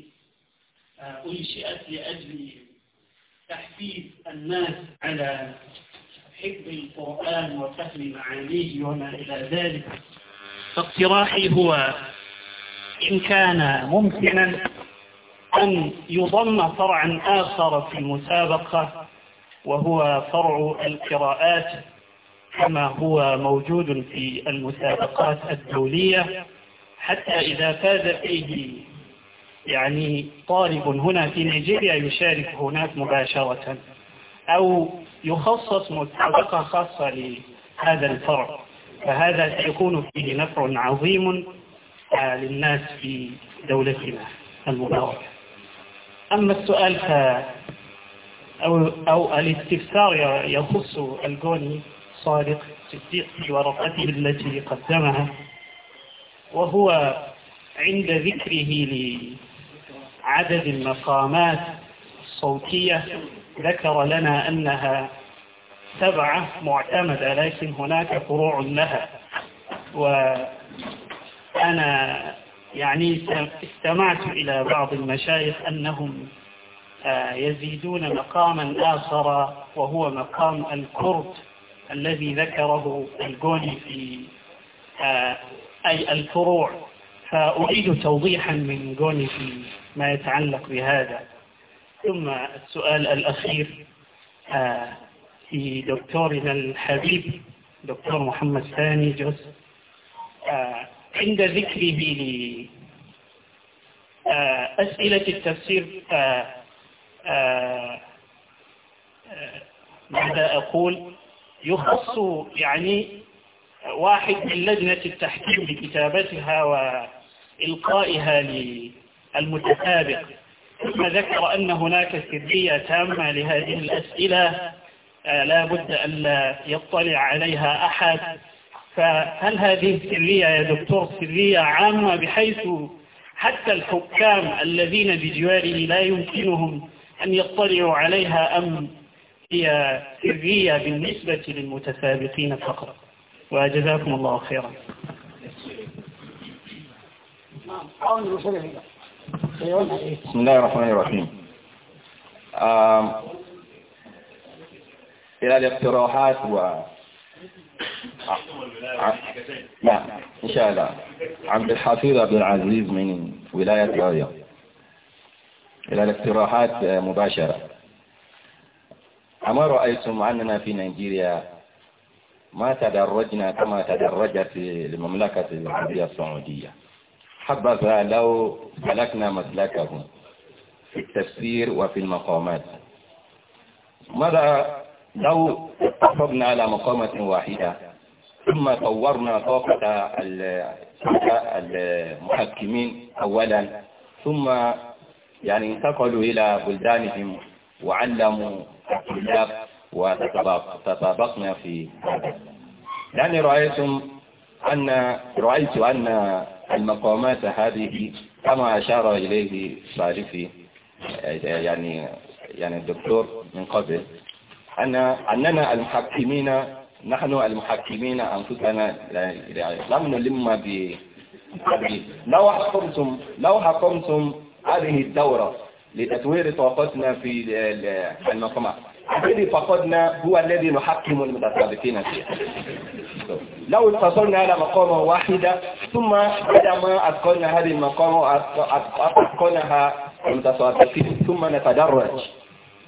S3: آه، أنشئت لأجل تحفيز الناس على حفظ القرآن وفهم معانيه وما إلى ذلك فاقتراحي هو إن كان ممكنا
S1: أن يضم فرعا آخر في المسابقة وهو فرع القراءات كما هو موجود في المسابقات الدولية حتى إذا فاز فيه يعني طالب هنا في نيجيريا يشارك هناك مباشرة أو
S3: يخصص مسابقة خاصة لهذا الفرع فهذا سيكون فيه نفع عظيم آه، للناس في دولتنا المباركة أما السؤال ف أو, أو الاستفسار
S1: يخص الجوني صادق صديق في ورقته التي قدمها وهو عند ذكره لعدد المقامات الصوتية ذكر لنا أنها سبعة معتمدة لكن هناك فروع لها وأنا يعني استمعت إلى بعض المشايخ أنهم آه، يزيدون مقاما آخر وهو مقام الكرد الذي ذكره الجوني في آه، أي الفروع فأعيد توضيحا من جوني في ما يتعلق بهذا ثم السؤال الأخير آه، في دكتورنا الحبيب دكتور محمد ثاني جوز عند ذكره آه، أسئلة التفسير آه، آه، ماذا أقول يخص يعني واحد من لجنة التحكيم بكتابتها وإلقائها للمتسابق ثم ذكر أن هناك سرية تامة لهذه الأسئلة لا بد أن لا يطلع عليها أحد فهل هذه سرية يا دكتور سرية عامة بحيث حتى الحكام الذين بجواره لا يمكنهم أن يطلعوا عليها أم هي سرية بالنسبة للمتسابقين فقط وجزاكم الله خيرا
S3: بسم
S1: الله الرحمن الرحيم إلى الاقتراحات و آه. نعم إن شاء الله
S2: عبد الحفيظ
S1: عبد العزيز من ولاية غاية إلى الاقتراحات مباشرة أما رأيتم أننا في نيجيريا ما تدرجنا كما تدرجت المملكة العربية السعودية حبذا لو سلكنا مسلكهم في التفسير وفي المقامات ماذا لو اقتصرنا على مقامة واحدة ثم طورنا طاقة المحكمين أولا ثم يعني انتقلوا إلى بلدانهم وعلموا الطلاب وتطابقنا في هذا لأني رأيتم أن رأيت أن المقامات هذه كما أشار إليه صارفي يعني يعني الدكتور من قبل أننا المحكمين نحن المحكمين أنفسنا لم نلم ب لو حكمتم لو حكمتم هذه الدورة لتطوير طاقتنا في المصنع الذي فقدنا هو الذي نحكم المتسابقين فيه لو اتصلنا على مقامة واحدة ثم بعدما أتقلنا هذه المقامة أتقلناها المتسابقين ثم نتدرج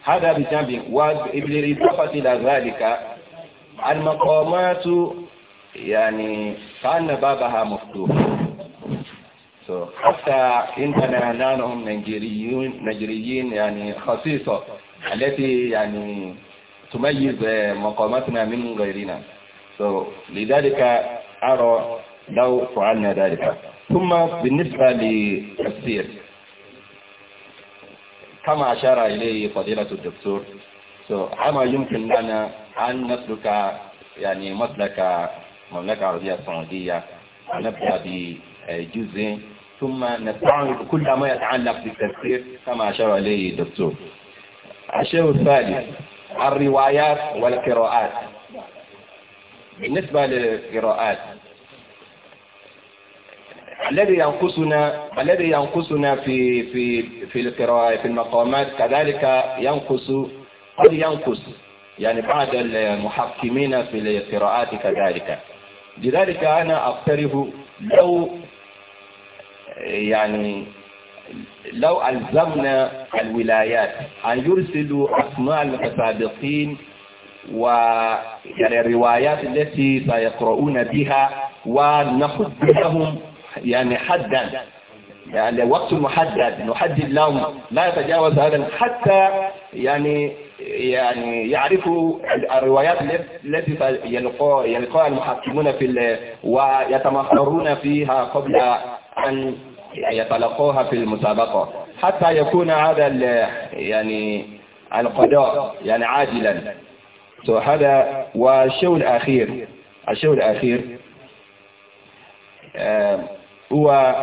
S1: هذا بجنب وبالإضافة إلى ذلك المقامات يعني كان بابها مفتوح so, حتى عندنا نانهم نيجيريين نيجيريين يعني خصيصة التي يعني تميز مقاماتنا من غيرنا so, لذلك أرى لو فعلنا ذلك ثم بالنسبة للتفسير كما أشار إليه فضيلة الدكتور فما يمكن لنا أن نسلك يعني مسلك المملكة العربية السعودية ونبدأ بجزء ثم نستعرض كل ما يتعلق بالتفسير كما أشار إليه الدكتور الشيء الثالث الروايات والقراءات بالنسبة للقراءات الذي ينقصنا الذي ينقصنا في في في القراءة في المقامات كذلك ينقص قد ينقص يعني بعض المحكمين في القراءات كذلك لذلك أنا أقترح لو يعني لو ألزمنا الولايات أن يرسلوا أسماء المتسابقين و يعني الروايات التي سيقرؤون بها ونخذ لهم يعني حدا يعني وقت محدد نحدد لهم لا يتجاوز هذا حتى يعني يعني يعرفوا الروايات التي يلقاها يلقى المحكمون في ويتمحورون فيها قبل أن يتلقوها في المسابقة حتى يكون هذا يعني القضاء يعني عاجلا هذا والشيء الأخير الشيء الأخير آه هو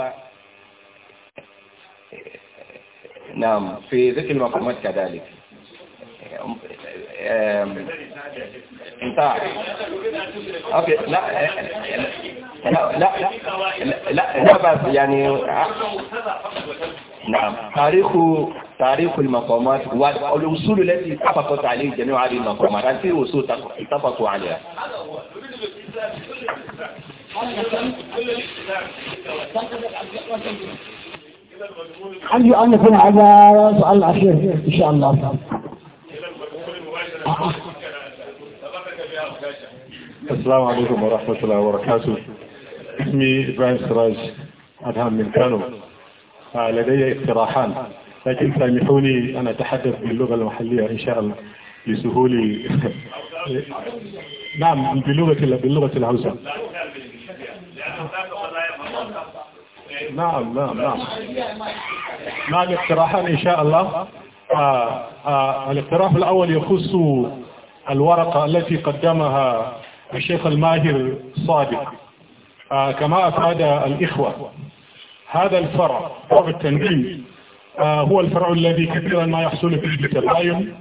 S1: نعم في ذكر المقامات كذلك
S2: انتهى اوكي لا لا لا لا لا بس يعني
S1: نعم تاريخ تاريخ المقامات والوصول التي اتفقت عليه جميع هذه المقامات في وصول اتفقوا عليها
S2: أرجو أن
S3: على سؤال الأخير إن شاء الله
S6: السلام عليكم ورحمة الله وبركاته اسمي إبراهيم سراج أدهم من كانو آه، لدي اقتراحان لكن سامحوني أن أتحدث باللغة المحلية إن شاء الله بسهولة. نعم باللغة باللغة الهوسة
S2: نعم نعم نعم مع اقتراحان إن شاء الله
S6: آه، آه، الاقتراح الأول يخص الورقة التي قدمها الشيخ الماهر صادق آه، كما أفاد الإخوة هذا الفرع فرع التنظيم هو الفرع الذي كثيرا ما يحصل فيه التباين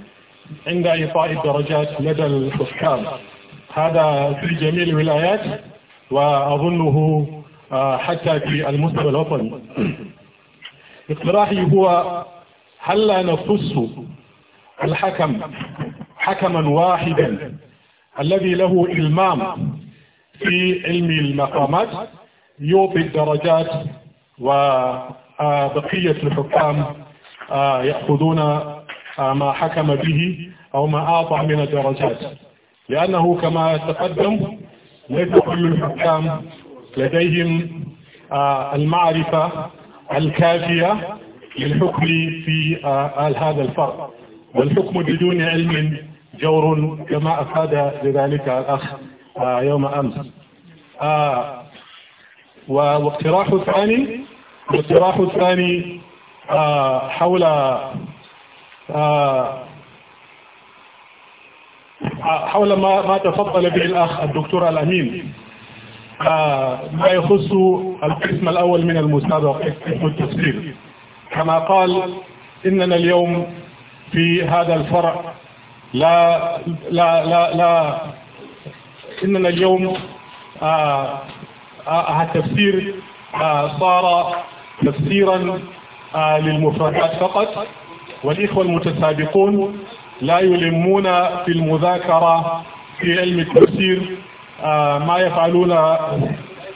S6: عند إعطاء الدرجات لدى الحكام هذا في جميع الولايات وأظنه آه، حتى في المستوى الوطني اقتراحي هو هل لا نخص الحكم حكما واحدا الذي له إلمام في علم المقامات يعطي الدرجات وبقية آه، الحكام آه، يأخذون ما حكم به أو ما أعطى من الدرجات لأنه كما تقدم ليس كل الحكام لديهم آه، المعرفة الكافية للحكم في آه، هذا الفرق والحكم بدون علم جور كما أفاد لذلك الأخ آه، يوم أمس واقتراح ثاني الاقتراح الثاني حول حول ما ما تفضل به الأخ الدكتور الأمين آه، ما يخص القسم الأول من المسابقة قسم التسجيل كما قال إننا اليوم في هذا الفرع لا لا لا لا إننا اليوم آه، آه، التفسير صار تفسيرا للمفردات فقط والإخوة المتسابقون لا يلمون في المذاكرة في علم التفسير آه، ما يفعلون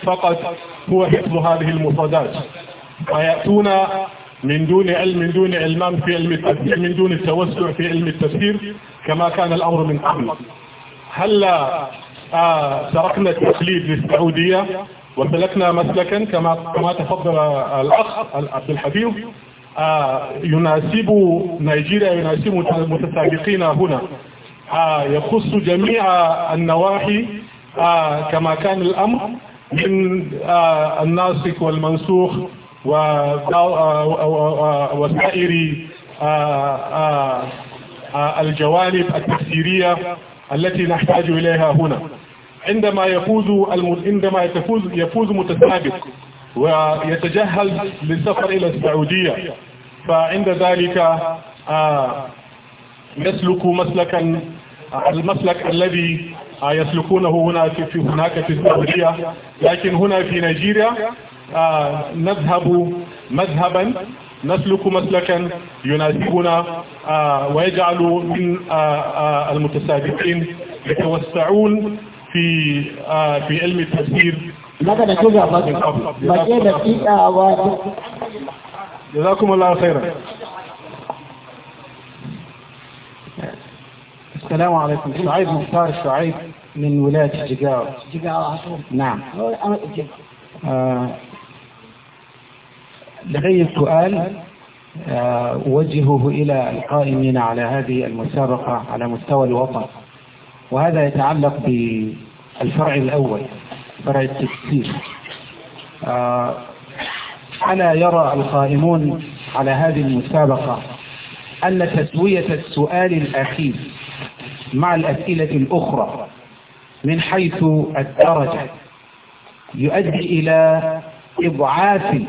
S6: فقط هو حفظ هذه المفردات ويأتون من دون علم من دون علمان في علم التفسير من دون التوسع في علم التفسير كما كان الأمر من قبل هلا آه، تركنا التقليد للسعودية وسلكنا مسلكا كما كما تفضل الأخ عبد الحفيظ آه، يناسب نيجيريا يناسب متسابقين هنا آه، يخص جميع النواحي آه، كما كان الأمر من الناسك والمنسوخ وسائر الجوانب التفسيرية التي نحتاج إليها هنا عندما يفوز عندما يفوز يفوز متسابق ويتجهز للسفر إلى السعودية فعند ذلك آه، يسلك مسلكا المسلك الذي آه، يسلكونه هنا في هناك في السعودية لكن هنا في نيجيريا آه، نذهب مذهبا نسلك مسلكا يناسبنا ويجعل من المتسابقين يتوسعون في في علم التفسير
S5: جزاكم الله خيرا السلام عليكم سعيد مختار سعيد من ولاية جيجاو نعم
S3: آه لدي سؤال
S4: أوجهه وجهه إلى القائمين على هذه المسابقة على مستوى الوطن وهذا يتعلق بالفرع الأول فرع التفسير
S1: ألا يرى القائمون على هذه المسابقة أن تسوية السؤال الأخير مع الأسئلة الأخرى من حيث الدرجة يؤدي إلى إضعاف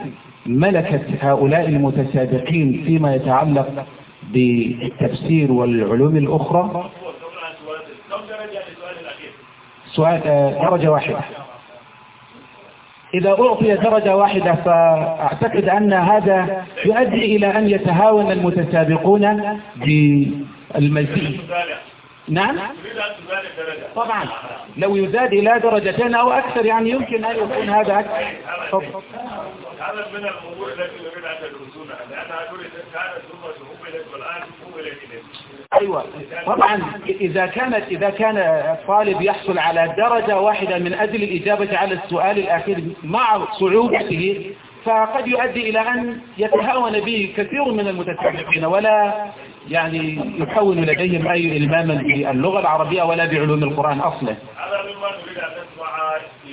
S1: ملكة هؤلاء المتسابقين فيما يتعلق بالتفسير والعلوم الأخرى سؤال آه، درجة واحدة إذا أعطي درجة واحدة فأعتقد أن هذا يؤدي إلى أن يتهاون المتسابقون بالمزيد نعم طبعا لو يزاد إلى درجتين أو أكثر يعني يمكن أن يكون هذا أكثر هذا من الأمور التي يريد أن تدرسونها لأن هذول
S2: كانت ثم تقوم إليك والآن تقوم أيوة طبعا
S1: إذا كان إذا كان الطالب يحصل على درجة واحدة من أجل الإجابة على السؤال الأخير مع صعوبته فقد يؤدي إلى أن يتهاون به كثير من المتسابقين ولا يعني يحول لديهم أي إلماما باللغة العربية ولا بعلوم القرآن أصلا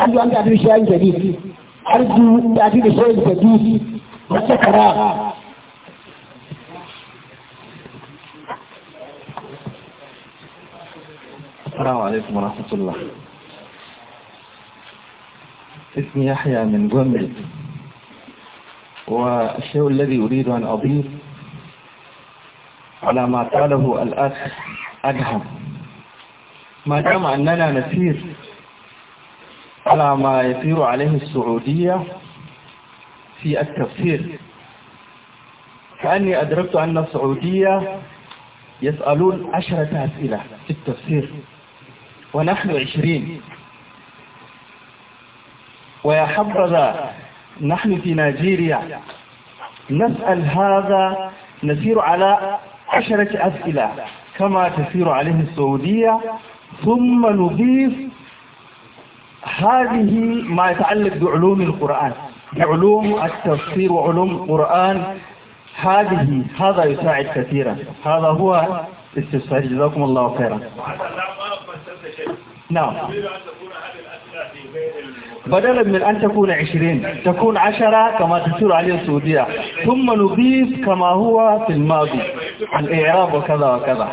S3: أرجو أن تأتي بشيء جديد أرجو أن تأتي بشيء جديد وسكرى
S5: السلام عليكم ورحمة الله اسمي يحيى من جمل والشيء الذي أريد أن أضيف على ما قاله الأخ أدهم ما دام أننا نسير
S1: على ما يسير عليه السعودية في التفسير كأني أدركت أن السعودية يسألون عشرة أسئلة في التفسير ونحن عشرين ويا حبذا نحن في نيجيريا نسأل هذا نسير على عشرة أسئلة كما تسير عليه السعودية ثم نضيف هذه ما يتعلق بعلوم القرآن بعلوم التفسير وعلوم القرآن هذه هذا يساعد كثيرا هذا هو استفسار جزاكم الله خيرا
S2: نعم بدلا من أن تكون عشرين تكون
S1: عشرة كما تسير عليه السعودية ثم نضيف كما هو في الماضي الإعراب وكذا وكذا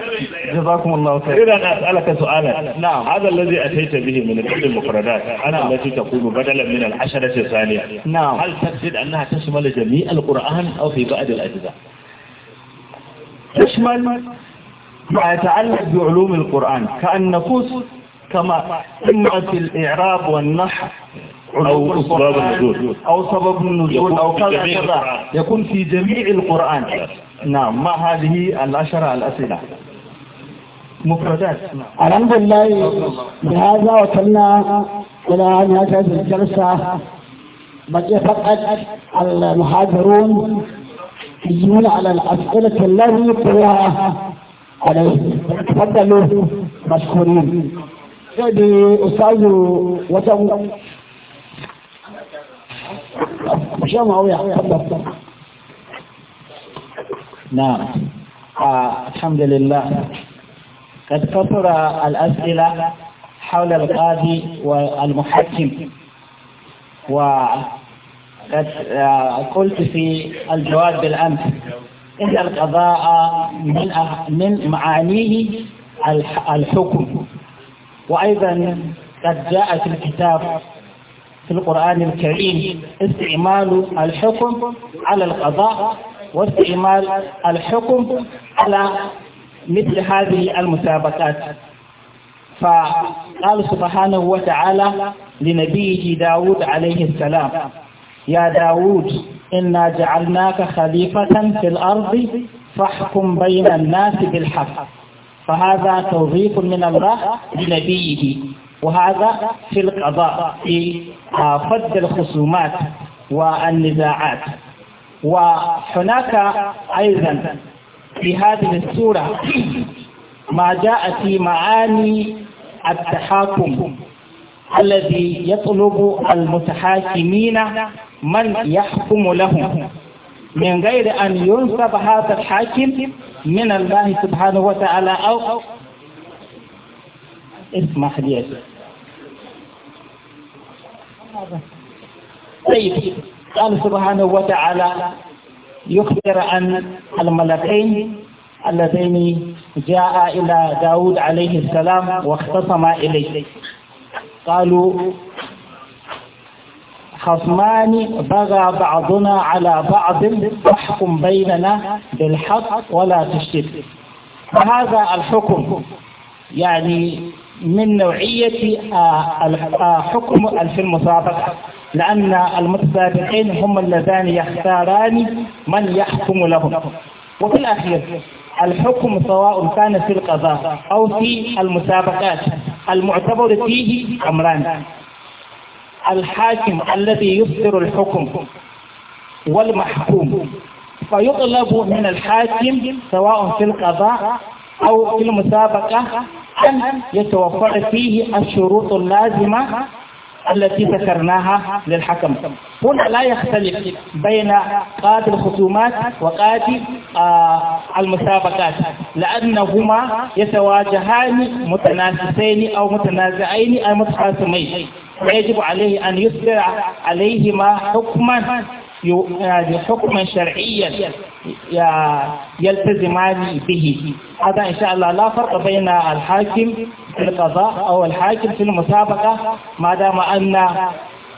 S1: جزاكم الله خير إذا أسألك سؤالا نعم هذا الذي أتيت به من كل المفردات أنا نعم. التي تكون بدلا من العشرة الثانية نعم هل تقصد أنها تشمل جميع القرآن أو في بعض الأجزاء تشمل ما يتعلق بعلوم القرآن كأن نفوس كما في الإعراب والنحو أو أسباب النزول أو سبب النزول أو كذا كذا يكون في جميع القرآن نعم ما هذه العشرة الأسئلة
S3: مفردات نعم. الحمد لله بهذا وصلنا إلى نهاية هذه الجلسة بقي فقط المحاضرون يجيبون على الأسئلة التي يطرحها عليه تفضلوا مشكورين Ṣẹ́ni pàtàkì? نعم الحمد لله قد كثر الأسئلة حول القاضي والمحكم وقد قلت في الجواب بالأمس إن القضاء من معانيه الحكم وأيضا قد جاء في الكتاب في القرآن الكريم استعمال الحكم على القضاء واستعمال الحكم على مثل
S1: هذه المسابقات فقال سبحانه وتعالى لنبيه داود عليه السلام يا داود إنا جعلناك خليفة في الأرض فاحكم بين الناس بالحق
S3: فهذا توظيف من الله لنبيه وهذا في القضاء في آه، فد الخصومات والنزاعات وهناك أيضا في هذه السورة
S1: ما جاء في معاني التحاكم الذي يطلب المتحاكمين من يحكم لهم من غير أن ينصب هذا الحاكم من الله سبحانه وتعالى أو اسمح لي يا
S3: طيب قال سبحانه وتعالى يخبر عن الملكين اللذين جاء إلى داود عليه السلام واختصما إليه قالوا خصمان بغى بعضنا على بعض فاحكم بيننا بالحق ولا تشتت فهذا الحكم يعني من نوعية آه، آه، حكم في المسابقة لأن المتسابقين هم اللذان يختاران
S1: من يحكم لهم وفي الأخير الحكم سواء كان
S3: في القضاء أو في المسابقات المعتبر فيه أمران الحاكم الذي يصدر الحكم والمحكوم فيطلب من الحاكم سواء في القضاء أو في المسابقة أن يتوفر فيه الشروط اللازمة التي ذكرناها للحكم هنا لا يختلف بين
S1: قاضي الخصومات وقاضي آه المسابقات لأنهما يتواجهان متنافسين أو متنازعين أو متخاصمين يجب عليه أن يصدر عليهما حكما آه، حكما شرعيا يلتزمان به هذا إن شاء الله لا فرق بين الحاكم في القضاء أو الحاكم في المسابقة ما دام أن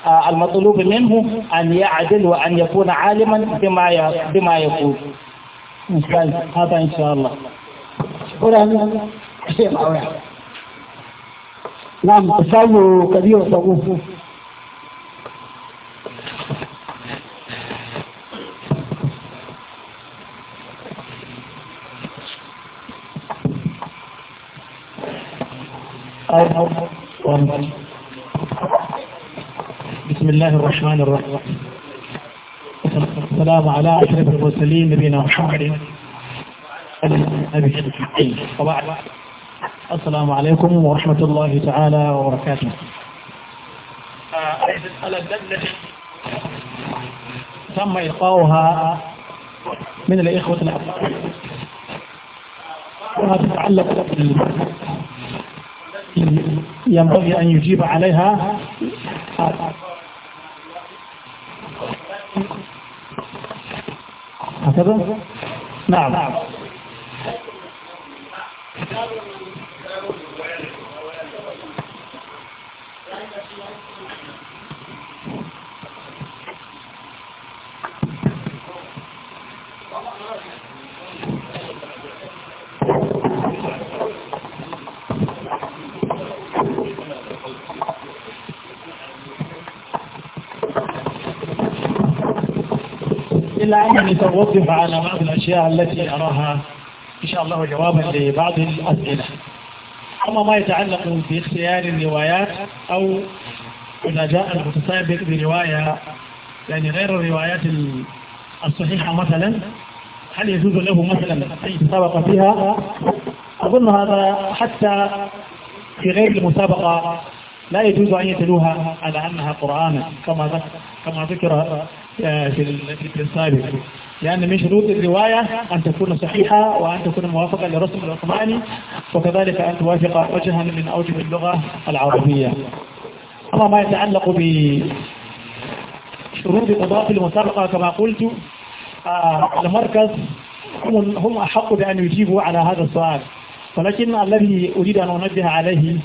S1: آه، المطلوب منه أن يعدل وأن يكون عالما بما بما يقول
S3: هذا إن شاء الله شكرا نعم تساوي كبير صغوف بسم الله الرحمن الرحيم السلام
S4: على أشرف المرسلين نبينا محمد وبعد السلام عليكم ورحمة الله تعالى وبركاته تم إلقاؤها من الإخوة الأطفال وما تتعلق ينبغي أن يجيب عليها
S7: هكذا نعم
S4: إلا أنني سأوقف على بعض الأشياء التي أراها إن شاء الله جوابا لبعض الأسئلة أما ما يتعلق باختيار الروايات أو إذا جاء المتسابق برواية يعني غير الروايات الصحيحة مثلا هل يجوز له مثلا أن يتسابق فيها
S3: أظن هذا حتى
S4: في غير المسابقة لا يجوز أن يتلوها على أنها قرآنا كما ذكر في السابق لأن من شروط الرواية أن تكون صحيحة وأن تكون موافقة لرسم العثماني وكذلك أن توافق وجها من أوجه اللغة العربية أما ما يتعلق بشروط قضاء المسابقة كما قلت آه، المركز هم أحق بأن يجيبوا على هذا السؤال ولكن الذي أريد أن أنبه عليه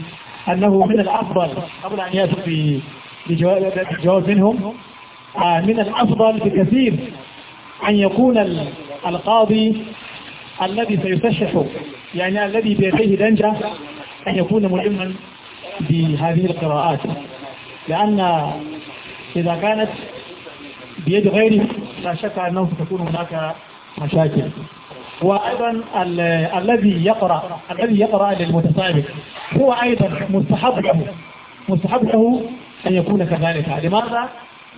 S4: أنه من الأفضل قبل أن يأتوا بجواب منهم آه، من الأفضل بكثير أن يكون القاضي الذي سيسشح يعني الذي بيديه دنجة أن يكون ملما بهذه القراءات لأن إذا كانت بيد غيره لا شك أنه ستكون هناك مشاكل وأيضا الذي يقرأ
S3: الذي يقرأ للمتسابق هو أيضا مستحب له مستحب له أن يكون كذلك لماذا؟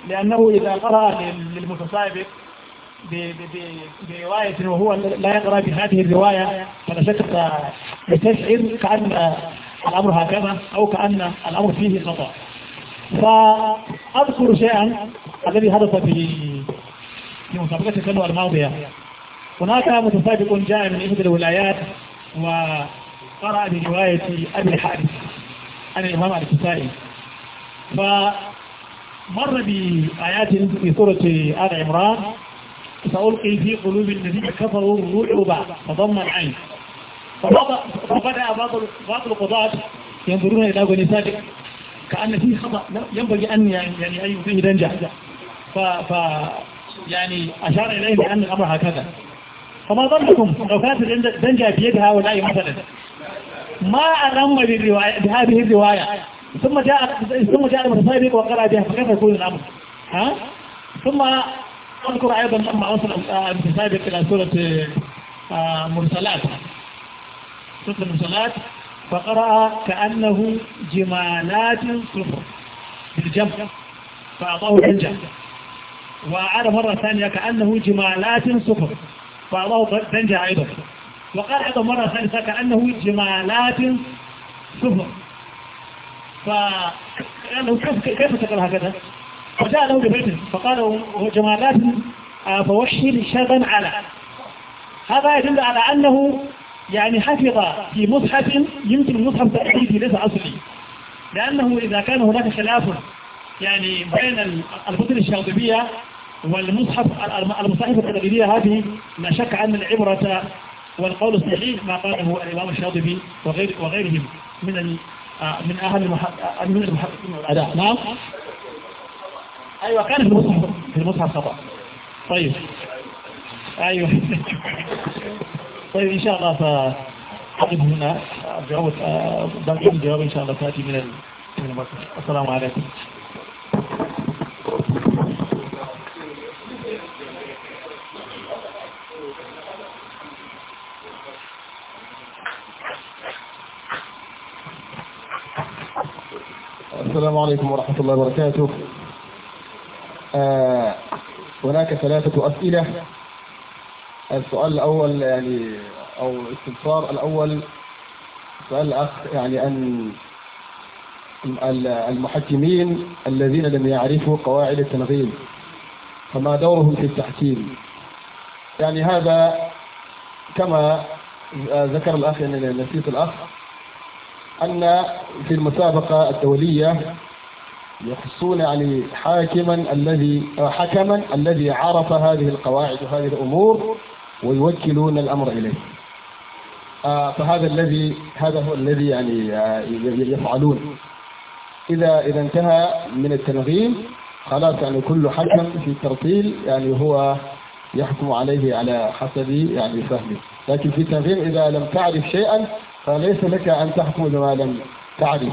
S3: لأنه إذا قرأ
S4: للمتسابق برواية وهو لا يقرأ بهذه الرواية فلا شك
S3: يستشعر كأن الأمر هكذا أو كأن الأمر فيه خطأ فأذكر شيئا الذي حدث في في مسابقة السنة الماضية هناك متسابق جاء من إحدى الولايات
S4: وقرأ برواية أبي حارث عن الإمام الكسائي مر بآيات في سورة آل عمران
S3: سألقي في قلوب الذين كفروا الرعب فضم العين فبدأ بعض بعض القضاة ينظرون إلى نساء كأن فيه خطأ ينبغي أن يعني أن يفيه دنجة ف, ف يعني أشار إليه بأن الأمر هكذا فما ظنكم لو كانت الدنجة بيد هؤلاء مثلا ما ألم بهذه الرواية ثم جاء ثم جاء المتطيب وقرأ بها فكيف يكون الأمر ها ثم أذكر أيضا لما وصل المتطيب إلى سورة آه، مرسلات سورة المرسلات فقرأ كأنه جمالات صفر بالجمع فأعطاه حجة وعاد مرة ثانية كأنه جمالات صفر فأعطاه دنجة أيضا وقال أيضا مرة ثالثة كأنه جمالات صفر فقال كيف كيف تقول هكذا؟ فجاء له ببيت فقال جمالات آه، فوحي شابا على هذا يدل على أنه يعني حفظ في مصحف يمكن المصحف تأثيره ليس أصلي لأنه إذا كان هناك خلاف
S1: يعني بين الكتب الشاطبية والمصحف المصاحف التقليدية هذه لا شك أن العبرة والقول الصحيح ما قاله الإمام الشاطبي وغير وغيرهم من من أهل المحققين والأداء نعم أيوة كان في المصحف في المصحف خطأ طيب
S4: أيوة طيب إن شاء الله أقف هنا جواب باقي الجواب إن شاء الله تأتي من المركز السلام عليكم
S5: السلام عليكم
S4: ورحمة الله وبركاته آه هناك ثلاثة أسئلة
S1: السؤال الأول يعني أو استفسار الأول سؤال الأخ يعني أن المحكمين الذين لم يعرفوا قواعد التنظيم فما دورهم في التحكيم يعني هذا كما ذكر الأخ يعني نسيت الأخ أن في المسابقة الدولية يخصون يعني حاكما الذي حكما الذي عرف هذه القواعد وهذه الأمور ويوكلون الأمر إليه آه، فهذا الذي هذا هو الذي يعني آه، يفعلون إذا إذا انتهى من التنغيم خلاص يعني كل حكم في الترتيل يعني هو يحكم عليه على حسب يعني فهمه لكن في التنغيم إذا لم تعرف شيئا فليس لك أن تحكم ما لم تعرف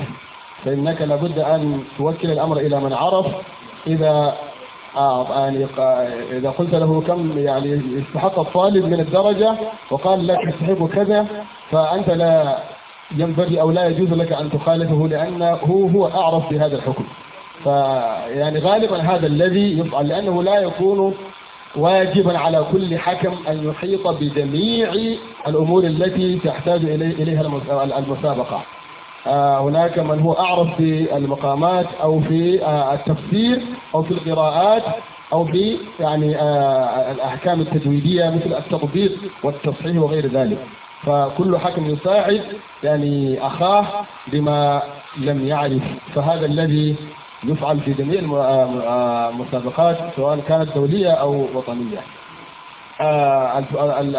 S1: فإنك لابد أن توكل الأمر إلى من عرف إذا آه، يعني إذا قلت له كم يعني استحق الطالب من الدرجة وقال لك يستحق كذا فأنت لا ينبغي أو لا يجوز لك أن تخالفه لأنه هو, هو أعرف بهذا الحكم فيعني غالبا هذا الذي يفعل لأنه لا يكون واجب على كل حكم أن يحيط بجميع الأمور التي تحتاج إليها المسابقة آه، هناك من هو أعرف في المقامات أو في آه، التفسير أو في القراءات أو في يعني آه، الأحكام التجويدية مثل التطبيق والتصحيح وغير ذلك فكل حكم يساعد يعني أخاه بما لم يعرف فهذا الذي يفعل في جميع المسابقات آه، آه، سواء كانت دولية أو وطنية آه،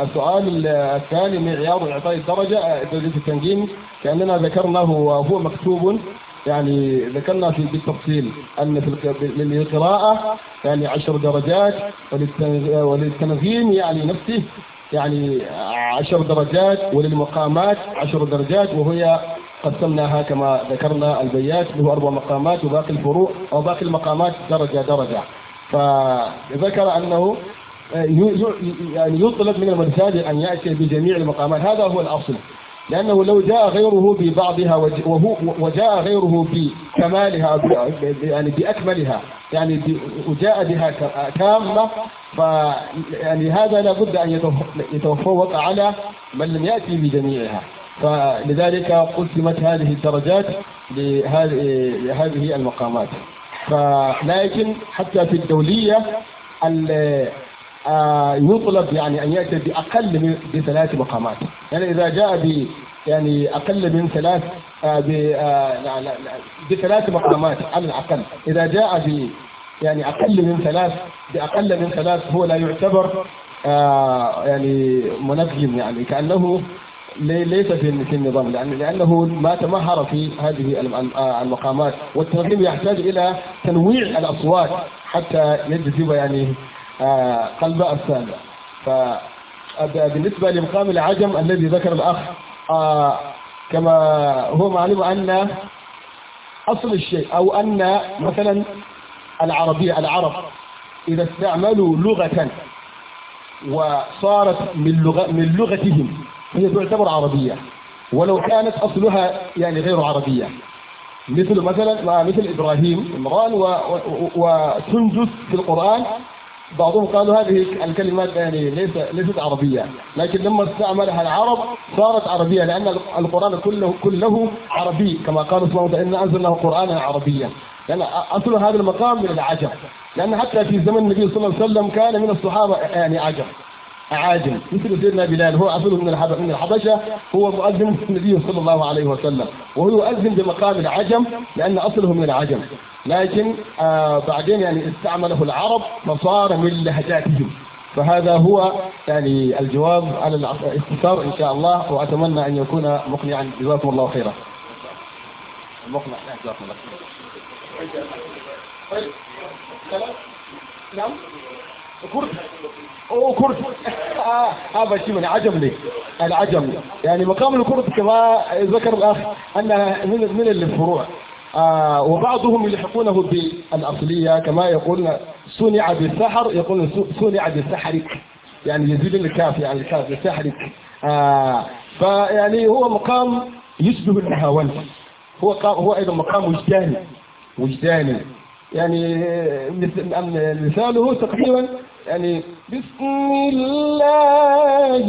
S1: السؤال الثاني معيار إعطاء الدرجة درجة التنجيم كأننا ذكرناه وهو مكتوب يعني ذكرنا في بالتفصيل أن للقراءة يعني عشر درجات وللتنظيم يعني نفسه يعني عشر درجات وللمقامات عشر درجات وهي قسمناها كما ذكرنا البيات اللي هو أربع مقامات وباقي الفروع أو باقي المقامات درجة درجة فذكر أنه آه، يعني يطلب من المرشد أن يأتي بجميع المقامات هذا هو الأصل لأنه لو جاء غيره ببعضها وهو وجاء غيره بكمالها يعني بأكملها يعني وجاء بها كامله ف يعني هذا لابد أن يتفوق على من لم يأتي بجميعها فلذلك قسمت هذه الدرجات لهذه المقامات فلكن حتى في الدولية آه، يطلب يعني أن يأتي بأقل من ثلاث مقامات يعني إذا جاء ب يعني أقل من ثلاث آه، آه، بثلاث مقامات على الأقل إذا جاء ب يعني أقل من ثلاث بأقل من ثلاث هو لا يعتبر يعني منجم يعني كأنه ليس في في النظام لأن لأنه ما تمهر في هذه آه، المقامات والتنظيم يحتاج إلى تنويع الأصوات حتى يجذب يعني آه، قلب السامع بالنسبه لمقام العجم الذي ذكر الأخ آه، كما هو معلوم أن أصل الشيء أو أن مثلا العربية العرب إذا استعملوا لغة وصارت من, لغة من لغتهم هي تعتبر عربية ولو كانت أصلها يعني غير عربية مثل مثلا مثل إبراهيم عمران وسندس في القرآن بعضهم قالوا هذه الكلمات يعني ليس ليست عربية لكن لما استعملها العرب صارت عربية لأن القرآن كله كله عربي كما قال سبحانه وتعالى إنا أنزلناه قرآنا عربيا لأن أصل هذا المقام من العجم لأن حتى في زمن النبي صلى الله عليه وسلم كان من الصحابة يعني عجم عاجل مثل سيدنا بلال هو أصله من من الحبشة هو مؤذن النبي صلى الله عليه وسلم وهو يؤذن بمقام العجم لأن أصله من العجم لكن آه بعدين يعني استعمله العرب فصار من لهجاتهم فهذا هو يعني الجواب على الاختصار إن شاء الله وأتمنى أن يكون
S5: مقنعا جزاكم الله خيرا مقنع جزاكم الله
S2: خيرا
S3: طيب, طيب. نعم, نعم؟ وكرد هذا آه،
S1: آه، شيء من عجم لي العجم يعني مقام الكرد كما ذكر الأخ أنها من من الفروع آه وبعضهم يلحقونه بالأصلية كما يقول صنع بالسحر يقول صنع بالسحر يعني يزيد الكاف يعني الكاف بالسحر آه فيعني هو مقام يشبه النهاوند هو هو أيضا مقام وجداني وجداني
S4: يعني آه، مثاله تقريبا يعني بسم الله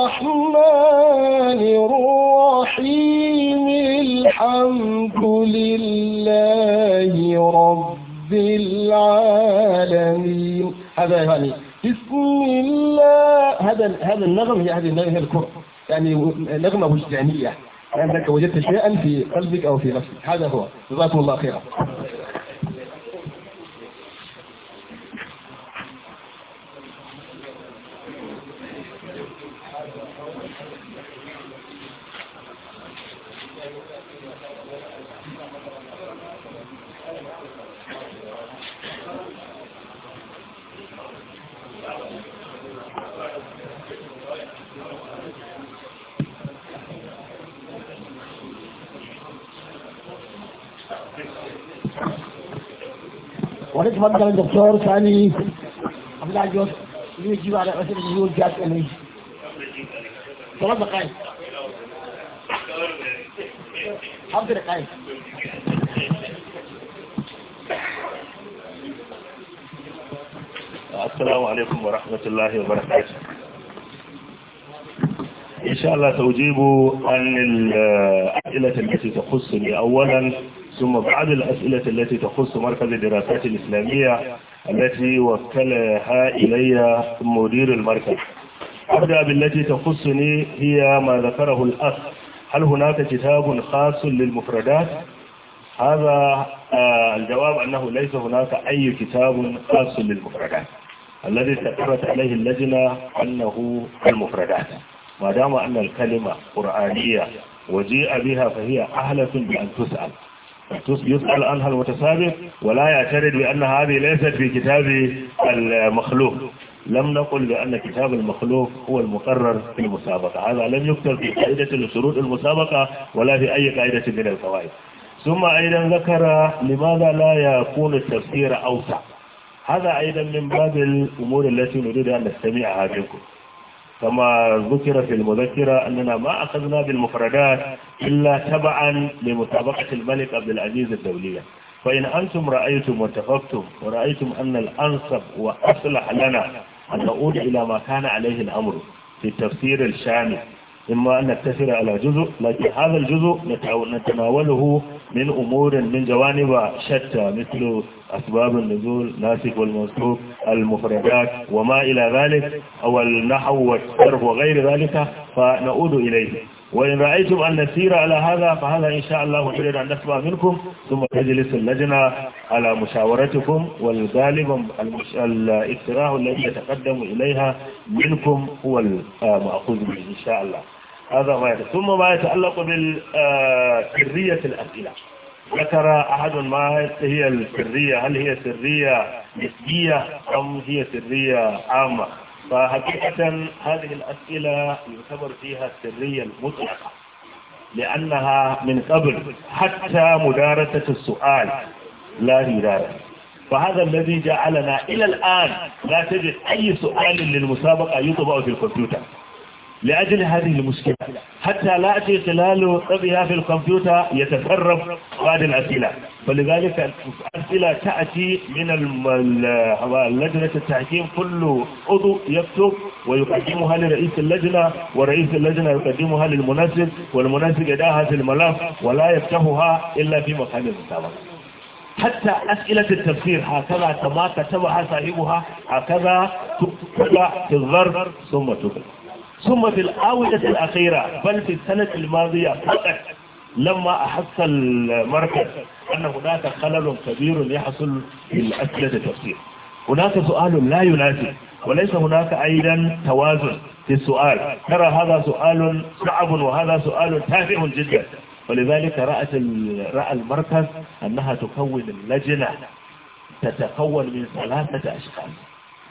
S4: الرحمن الرحيم الحمد لله رب العالمين هذا يعني
S1: بسم الله هذا هذا النغم هي هذه النغم هي الكرة يعني نغمة وجدانية يعني أنك وجدت شيئا في قلبك أو في نفسك هذا هو جزاكم الله خيرا
S3: الدكتور ثاني عبد الله جوز يجيب على ثلاث دقائق
S2: خمس دقائق
S1: السلام عليكم ورحمة الله وبركاته إن شاء الله سأجيب عن الأسئلة التي تخصني أولا ثم بعض الأسئلة التي تخص مركز الدراسات الإسلامية التي وكلها إلي مدير المركز أبدأ بالتي تخصني هي ما ذكره الأخ هل هناك كتاب خاص للمفردات؟ هذا آه، الجواب أنه ليس هناك أي كتاب خاص للمفردات الذي استقرت عليه اللجنة أنه المفردات ما دام أن الكلمة قرآنية وجيء بها فهي أهلة بأن تسأل يسأل عنها المتسابق ولا يعترض بأن هذه ليست في كتاب المخلوق لم نقل بأن كتاب المخلوق هو المقرر في المسابقة هذا لم يكتب في قاعدة لشروط المسابقة ولا في أي قاعدة من القواعد ثم أيضا ذكر لماذا لا يكون التفسير أوسع هذا أيضا من باب الأمور التي نريد أن نستمعها منكم كما ذكر في المذكرة أننا ما أخذنا بالمفردات إلا تبعا لمتابقة الملك عبد العزيز الدولية فإن أنتم رأيتم واتفقتم ورأيتم أن الأنصب وأصلح لنا أن نعود إلى ما كان عليه الأمر في التفسير الشامل إما أن نتسر على جزء لكن هذا الجزء نتناوله من أمور من جوانب شتى مثل أسباب النزول ناسك والمنسوب المفردات وما إلى ذلك أو النحو والصرف وغير ذلك فنعود إليه وإن رأيتم أن نسير على هذا فهذا إن شاء الله نريد أن نسمع منكم ثم تجلس اللجنة على مشاورتكم والغالب الاقتراح الذي يتقدم إليها منكم هو المأخوذ آه، به إن شاء الله هذا ما يتعلق ثم ما يتعلق بالسرية الأسئلة ذكر أحد ما هي السرية هل هي سرية نسبية أم هي سرية عامة فحقيقة هذه الأسئلة يعتبر فيها السرية المطلقة لأنها من قبل حتى مدارسة السؤال لا مدارسة فهذا الذي جعلنا إلى الآن لا تجد أي سؤال للمسابقة يطبع في الكمبيوتر لأجل هذه المشكلة حتى لا أتي خلال طبيها في الكمبيوتر يتسرب هذه الأسئلة فلذلك الأسئلة تأتي من لجنة التحكيم كل عضو يكتب ويقدمها لرئيس اللجنة ورئيس اللجنة يقدمها للمنسق والمنسق يداها في الملف ولا يفتحها إلا في مكان المسابقة حتى أسئلة التفسير هكذا كما كتبها صاحبها هكذا تكتب في الظرف ثم تكتب ثم في الآونة الأخيرة بل في السنة الماضية فقط لما أحس المركز أن هناك خلل كبير يحصل في الأسئلة التفسير هناك سؤال لا ينافي وليس هناك أيضا توازن في السؤال ترى هذا سؤال صعب وهذا سؤال تافه جدا ولذلك رأت رأى المركز أنها تكون اللجنة تتكون من ثلاثة أشخاص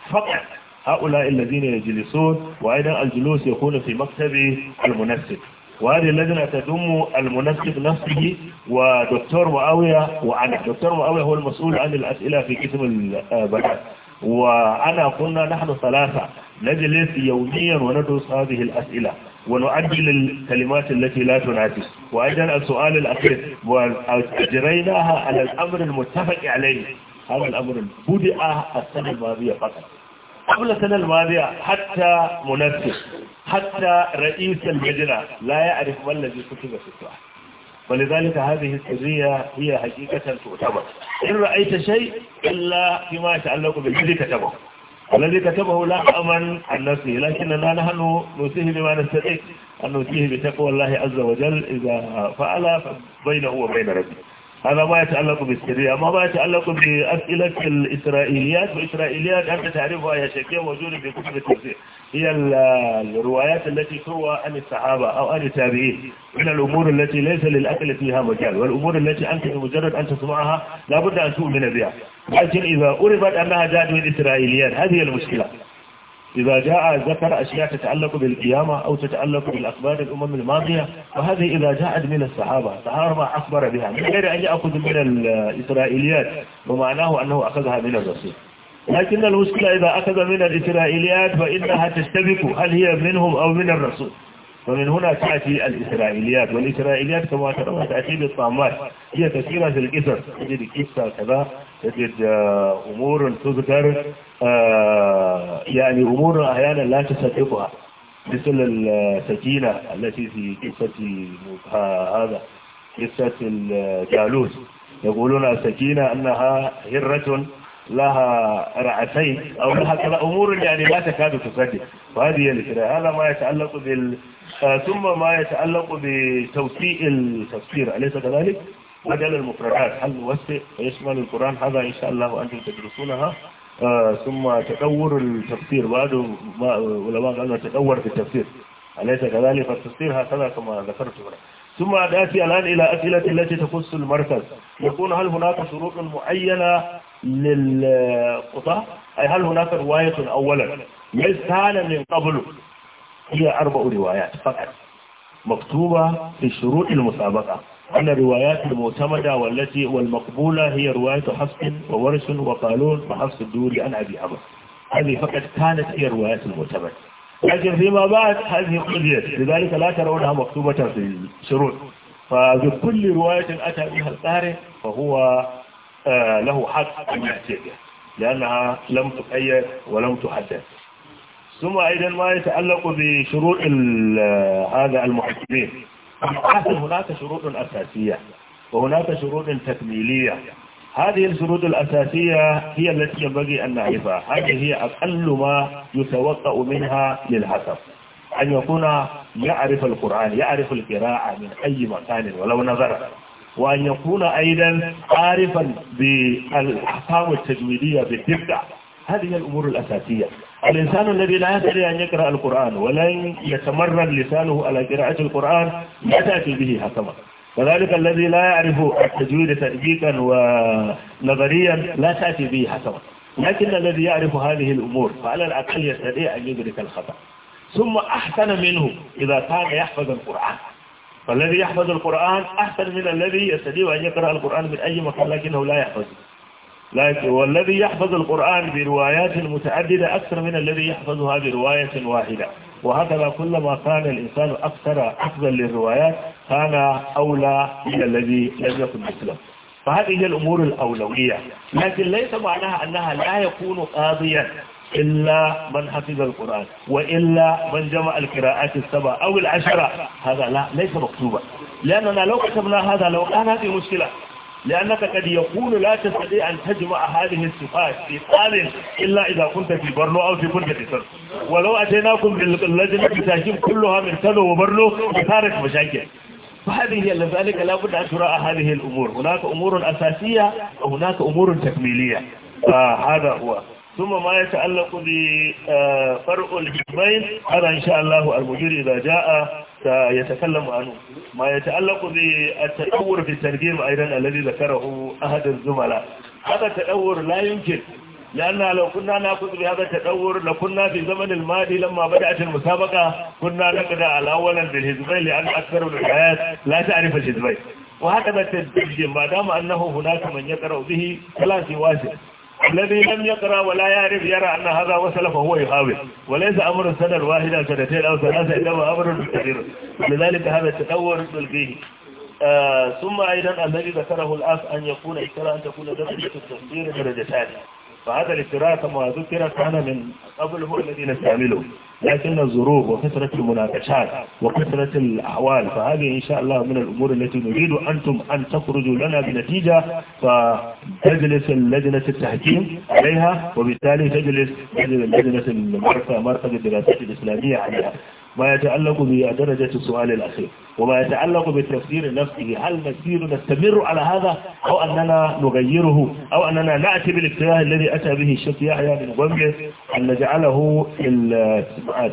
S1: فقط هؤلاء الذين يجلسون وأيضا الجلوس يكون في مكتب المنسق وهذه اللجنة تضم المنسق نفسه ودكتور معاوية وأنا دكتور معاوية هو المسؤول عن الأسئلة في قسم البنات وأنا قلنا نحن ثلاثة نجلس يوميا وندرس هذه الأسئلة ونعدل الكلمات التي لا تنعكس وأيضا السؤال الأخير وأجريناها على الأمر المتفق عليه هذا الأمر بدأ السنة الماضية فقط kula sanar mariya hatta munafik hatta ra'isul majira la ya'rif man ladhi kutiba fitwa walidhalika hadhihi sirriya hiya haqiqatan tu'tabar in ra'aita shay illa in ta'allaqu bil ladhi kataba alladhi kataba la aman annasi lakin la nahnu nusihi bima nasadi annu fihi bi taqwa allahi azza wa jalla idha fa'ala fa bainahu wa bain rabbih هذا ما يتعلق بالسرية ما ما يتعلق بأسئلة الإسرائيليات وإسرائيليات أنت تعرفها يا شكيم موجودة في كتب التفسير هي الروايات التي تروى عن الصحابة أو عن التابعين من الأمور التي ليس للأكل فيها مجال والأمور التي أنت بمجرد أن تسمعها لابد أن تؤمن بها لكن إذا أردت أنها جاءت من إسرائيليات هذه المشكلة إذا جاء ذكر أشياء تتعلق بالقيامة أو تتعلق بالأخبار الأمم الماضية وهذه إذا جاءت من الصحابة صحابة أخبر بها من غير أن يأخذ من الإسرائيليات ومعناه أنه أخذها من الرسول لكن المشكلة إذا أخذ من الإسرائيليات فإنها تشتبك هل هي منهم أو من الرسول فمن هنا تأتي الإسرائيليات والإسرائيليات كما ترون تأتي بالطامات هي كثيرة في القصص تجد قصة كذا تجد آه، أمور تذكر آه، يعني أمور أحيانا لا تصدقها مثل السكينة التي في قصة هذا قصة الجالوس يقولون السكينة أنها هرة لها رعتين أو لها كذا أمور يعني لا تكاد تصدق وهذه هي هذا ما يتعلق بال آه، ثم ما يتعلق بتوسيع التفسير أليس كذلك؟ مجال المفردات هل نوسع ويشمل القرآن هذا إن شاء الله وأنتم تدرسونها آه، ثم تطور التفسير بعد علماء قالوا تطور في التفسير أليس كذلك فالتفسير هكذا كما ذكرت هنا ثم نأتي الآن إلى أسئلة التي تخص المركز يكون هل هناك شروط معينة للقطاع أي هل هناك رواية أولا مثالا من قبل هي أربع روايات فقط مكتوبة في شروط المسابقة أن الروايات المعتمدة والتي والمقبولة هي رواية حفص وورش وقالون وحفص الدوري عن أبي عمر هذه فقط كانت هي الروايات المعتمدة لكن فيما بعد هذه قضيت لذلك لا ترونها مكتوبة في الشروط فبكل رواية أتى بها القارئ فهو آه، له حق أن يأتي بها لأنها لم تقيد ولم تحدد ثم أيضا ما يتعلق بشروط هذا المحكمين هناك شروط أساسية وهناك شروط تكميلية هذه الشروط الأساسية هي التي ينبغي أن نعرفها هذه هي أقل ما يتوقع منها للحسب أن يكون يعرف القرآن يعرف القراءة من أي مكان ولو نظر وأن يكون أيضا عارفا بالأحكام التجميليه بالدقة هذه الأمور الأساسية الإنسان الذي لا يستطيع أن يقرأ القرآن ولن يتمرن لسانه على قراءة القرآن لا تأتي به حكما وذلك الذي لا يعرف التجويد تأجيكا ونظريا لا تأتي به حكما لكن الذي يعرف هذه الأمور فعلى الأقل يستطيع أن يدرك الخطأ ثم أحسن منه إذا كان يحفظ القرآن فالذي يحفظ القرآن أحسن من الذي يستطيع أن يقرأ القرآن من أي مكان لكنه لا يحفظه لكن والذي يحفظ القرآن بروايات متعددة أكثر من الذي يحفظها برواية واحدة وهكذا كلما كان الإنسان أكثر حفظا للروايات كان أولى من الذي لم يكن مثله فهذه هي الأمور الأولوية لكن ليس معناها أنها لا يكون قاضيا إلا من حفظ القرآن وإلا من جمع القراءات السبع أو العشرة هذا لا ليس مكتوبا لأننا لو كتبنا هذا لو كان هذه مشكلة لأنك قد يقول لا تستطيع أن تجمع هذه الصفات في قال إلا إذا كنت في برلو أو في برجة سر ولو أتيناكم باللجنة بتهجم كلها من سلو وبرلو بثارة مشاكل فهذه هي لذلك لا بد أن تراء هذه الأمور هناك أمور أساسية وهناك أمور تكميلية
S7: فهذا
S1: هو ثم ما يتعلق بفرع الجبين هذا إن شاء الله المدير إذا جاء سيتكلم عنه ما يتعلق بالتأور في الترجيم أيضا الذي ذكره أحد الزملاء هذا التأور لا يمكن لأننا لو كنا نأخذ بهذا التدور لكنا في زمن الماضي لما بدأت المسابقة كنا نقدر على أولا بالهزبين لأن أكثر من الحياة لا تعرف الهزبين وهكذا التدريج ما دام أنه هناك من يقرأ به فلا سواسل الذي لم يقرأ ولا يعرف يرى أن هذا وصل فهو يحاول وليس أمر السنة الواحدة سنتين أو ثلاثة إنما أمر كثير لذلك هذا التطور تلقيه آه ثم أيضا الذي ذكره الأخ أن يكون اشترى أن تكون درجة التصدير درجتان فهذا الاشتراك كما ذكر كان من قبل هو الذي نستعمله لكن الظروف وكثرة المناقشات وكثرة الأحوال فهذه إن شاء الله من الأمور التي نريد أنتم أن تخرجوا لنا بنتيجة فتجلس لجنة التحكيم عليها وبالتالي تجلس لجنة مركز الدراسات الإسلامية عليها ما يتعلق بدرجة السؤال الأخير وما يتعلق بتفسير نفسه هل نسير نستمر على هذا أو أننا نغيره أو أننا نأتي بالاتجاه الذي أتى به الشيخ يحيى بن غمر أن نجعله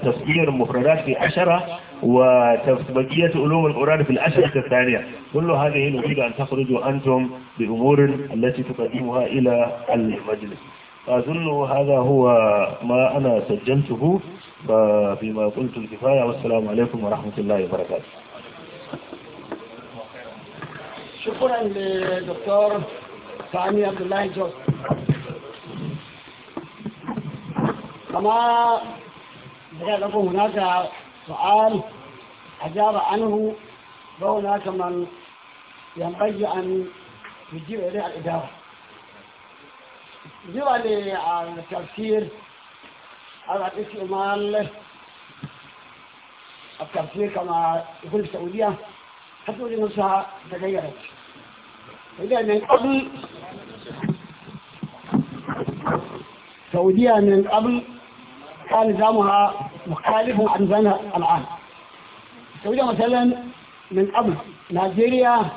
S1: تفسير مفردات في عشرة وبقية علوم القرآن في العشرة الثانية كل هذه نريد أن تخرجوا أنتم بأمور التي تقدمها إلى المجلس أظن هذا هو ما أنا سجلته فبما قلت الكفاية والسلام عليكم ورحمة الله وبركاته
S3: شكرا للدكتور سامي عبد الله جوز كما بدأ لكم هناك سؤال أجاب عنه وهناك من ينبغي أن يجيب إليه الإدارة بالنسبة التفسير هذا الاسم مال الترفيه كما يقول السعودية حتى يقول نفسها تغيرت إذا من قبل السعودية من قبل كان نظامها مختلف عن نظامها الآن السعودية مثلا من قبل نيجيريا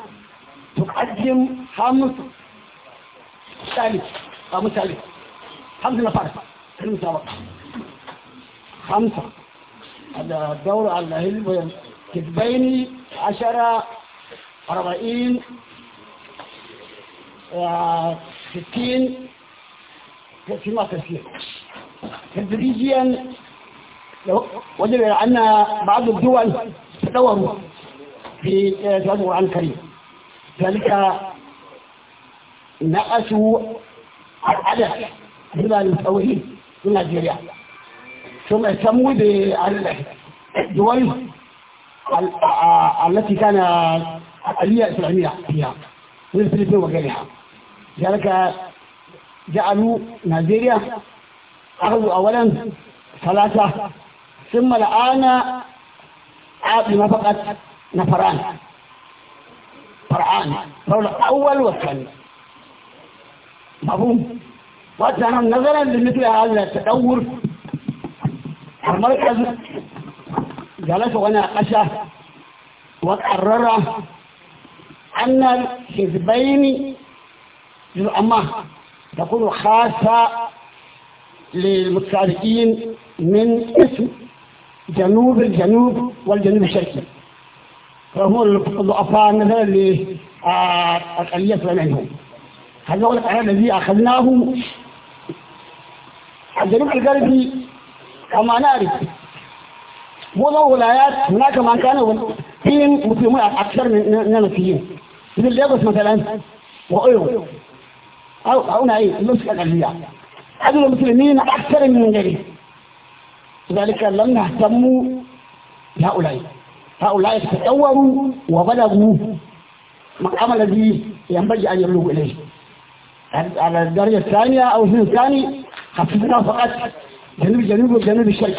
S3: تقدم خمس ثالث خمس ثالث خمس نفر في المسابقة خمسة الدورة على الهل كتبين عشرة أربعين ستين فيما تسليم تدريجيا وجد أن بعض الدول تدوروا في القرآن الكريم ذلك نقصوا عدد من التوحيد من نيجيريا ثم اهتموا بالدول آه، التي كان الألية الإسلامية فيها من وغيرها لذلك جعلوا نيجيريا أخذوا أولا ثلاثة ثم الآن لما آه، فقط نفران فرعان فرعان الأول والثاني مفهوم وأتنا نظرا لمثل هذا التدور المركز جلس وناقشه وقرر أن الحزبين للأمة تكون خاصة للمتشاركين من اسم جنوب الجنوب والجنوب الشرقي فهم الضعفاء مثلا للأقلية منهم هذا هو القرار الذي أخذناه الجنوب الغربي كما نعرف وضع ولايات هناك من كانوا فيهم مسلمون أكثر من المسيحيين مثل ليغوس مثلا وأيرو أو هنا أي لوسكا الأنبياء هذول المسلمين أكثر من غيره لذلك لم نهتموا بهؤلاء هؤلاء تطوروا وبلغوا مقام الذي ينبغي أن يبلغوا إليه على الدرجة الثانية أو الثاني خففنا فقط جنوب جنوب والجنوب الشرق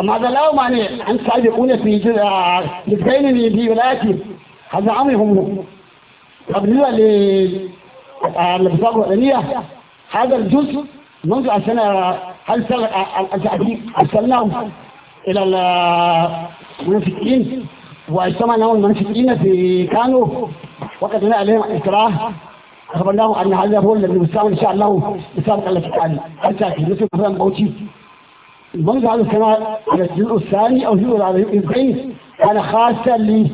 S3: أما هذا لا معنى عن سعيد يقول في جزئين آه، في ولايتي هذا عمي هم قبل للبطاقة آه، الأمنية هذا الجزء منذ عشان هل آه، أرسلناهم إلى المنافقين واجتمعنا المنافقين في كانوا وقد عليهم إكراه أخبرناه أن هذا هو الذي يساوي إن شاء الله يسابق الله تعالى التاكي مثل مثلا بوتي الموضوع هذا كما الجزء الثاني أو الجزء الأربعين كان خاصا ل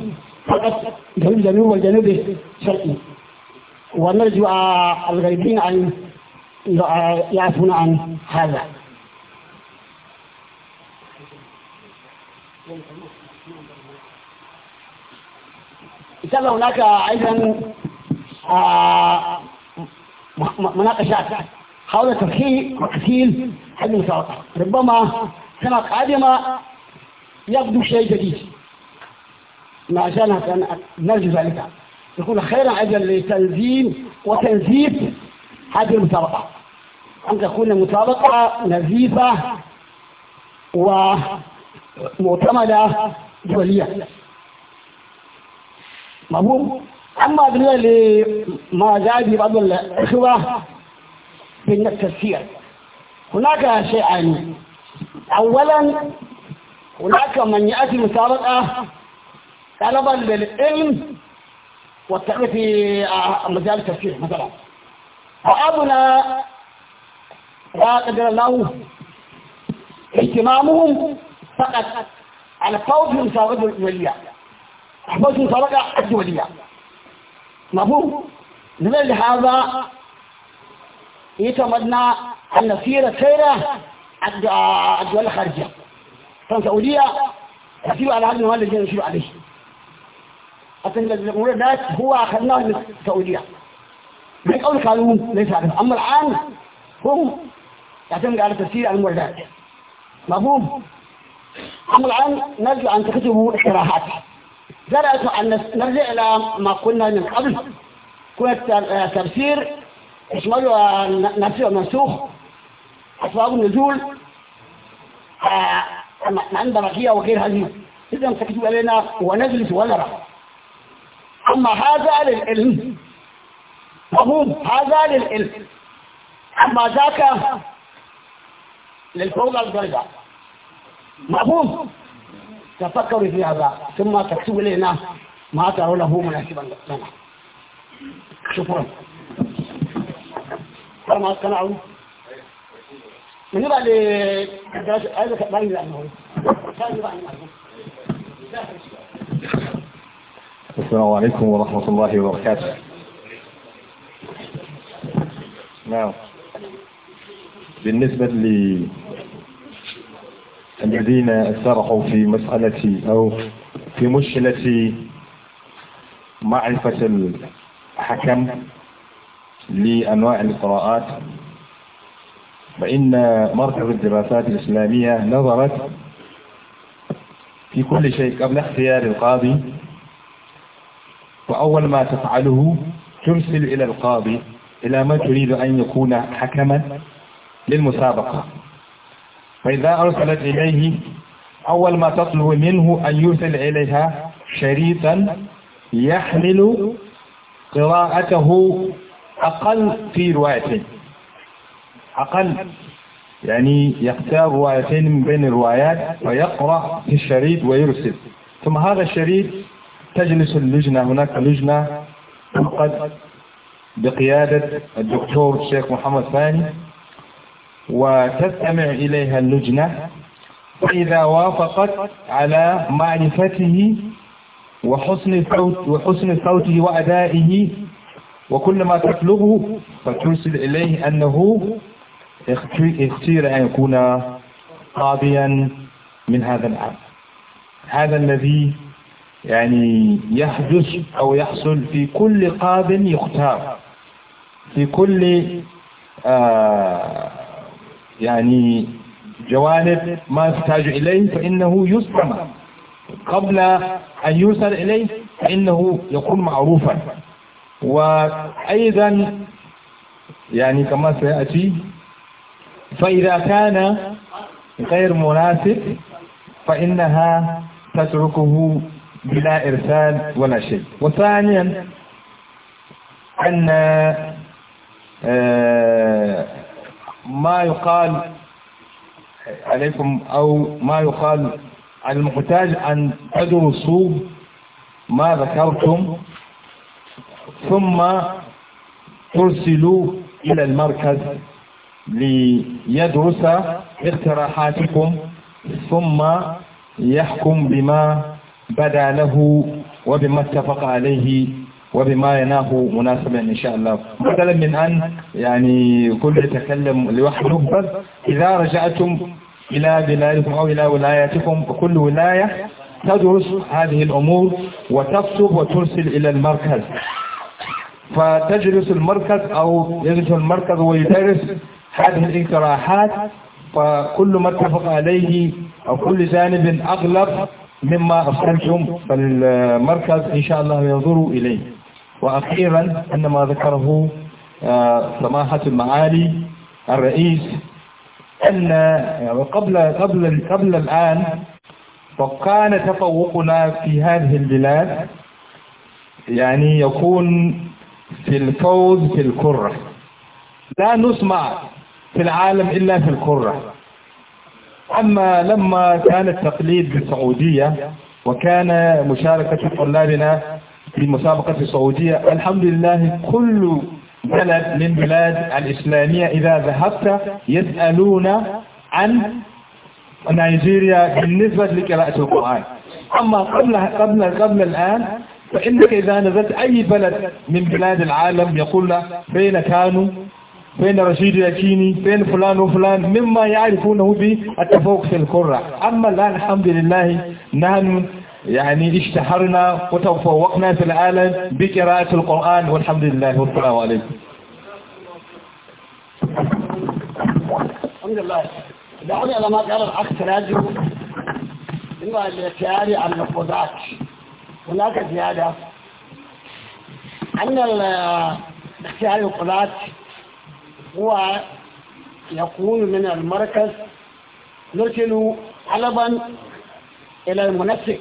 S3: فقط جنوب الجنوب والجنوب الشرقي ونرجو الغريبين أن يعفون عن هذا إن شاء الله هناك أيضا آه، مناقشات حول ترحيل وتسهيل حل المساواة ربما سنة قادمة يبدو شيء جديد ما عشان نرجو ذلك يكون خيرا أجل لتنظيم وتنزيف هذه المسابقة أن تكون المسابقة نزيفة ومعتمدة دولية مفهوم؟ أما بالنسبة لما جاء في بعض الأخوة بين التفسير هناك شيئان أولا هناك من يأتي مسابقة طلبا للعلم والتعريف في آه، مجال التفسير مثلا وأبنا لا قدر له اهتمامهم فقط على فوز مسابقة الدولية فوز مسابقة الدولية مفهوم هذا يتمنى أن نسير سيرة الدول الخارجية على هذا المال الذي عليه هو أخذناه من السعودية أول ليس هذا أما الآن هم يعتمد على تفسير الموردات مفهوم أما الآن نرجو أن تكتبوا اقتراحات جرأت أن نرجع إلى ما قلنا من قبل كنا تفسير آه، يشمل آه، نفسي ومنسوخ أسباب النزول آه، عند بقية وغير هذه إذا تكتب علينا ونجلس ونرى أما هذا للعلم مفهوم هذا للعلم أما ذاك للفوق الدرجة مفهوم تفكروا في هذا ثم تكتب لنا ما ترى له مناسبا لنا شكرا ما اقتنعوا من يبقى لدراسة هذا ما يبقى
S5: السلام عليكم ورحمة الله وبركاته نعم بالنسبة لي
S1: الذين سرحوا في مسألة أو في مشكلة معرفة الحكم لأنواع القراءات فإن مركز الدراسات الإسلامية نظرت في كل شيء قبل اختيار القاضي وأول ما تفعله ترسل إلى القاضي إلى من تريد أن يكون حكما للمسابقة فإذا أرسلت إليه أول ما تطلب منه أن يرسل إليها شريطا يحمل قراءته أقل في روايتين أقل يعني يختار روايتين من بين الروايات فيقرأ في الشريط ويرسل ثم هذا الشريط تجلس اللجنة هناك لجنة قد بقيادة الدكتور الشيخ محمد ثاني وتستمع إليها اللجنة فإذا وافقت على معرفته وحسن الصوت وحسن صوته وأدائه وكل ما تطلبه فترسل إليه أنه اختير أن يكون قاضيا من هذا العام هذا الذي يعني يحدث أو يحصل في كل قاض يختار في كل آه يعني جوانب ما تحتاج إليه فإنه يسمع قبل أن يوصل إليه فإنه يكون معروفا وأيضا يعني كما سيأتي فإذا كان غير مناسب فإنها تتركه بلا إرسال ولا شيء وثانيا أن آه، ما يقال عليكم أو ما يقال عن المحتاج أن تدرسوا ما ذكرتم ثم ترسلوا إلى المركز ليدرس اقتراحاتكم ثم يحكم بما بدا له وبما اتفق عليه وبما يناه مناسبا إن شاء الله بدلا من أن يعني كل يتكلم لوحده بس إذا رجعتم إلى بلادكم أو إلى ولاياتكم كل ولاية تدرس هذه الأمور وتكتب وترسل إلى المركز فتجلس المركز أو يجلس المركز ويدرس هذه الاقتراحات فكل ما اتفق عليه أو كل جانب أغلب مما ارسلتم فالمركز إن شاء الله ينظر إليه وأخيرا أن ما ذكره آه، سماحة المعالي الرئيس أن يعني قبل قبل قبل الآن وكان تفوقنا في هذه البلاد يعني يكون في الفوز في الكرة لا نسمع في العالم إلا في الكرة أما لما كان التقليد بالسعودية وكان مشاركة طلابنا بالمسابقة السعودية الحمد لله كل بلد من بلاد الإسلامية إذا ذهبت يسألون عن نيجيريا بالنسبة لقراءة القرآن أما قبل قبل قبل الآن فإنك إذا نزلت أي بلد من بلاد العالم يقول لك بين كانوا بين رشيد يكيني بين فلان وفلان مما يعرفونه بالتفوق في القرى أما الآن الحمد لله نحن يعني اشتهرنا وتفوقنا في العالم بقراءة القرآن والحمد لله والسلام عليكم
S3: الحمد لله دعوني على ما قال العكس راجو إما الكياري عن المفروضات هناك زيادة أن اختيار القضاة هو يكون من المركز نرسل طلبا إلى المنسك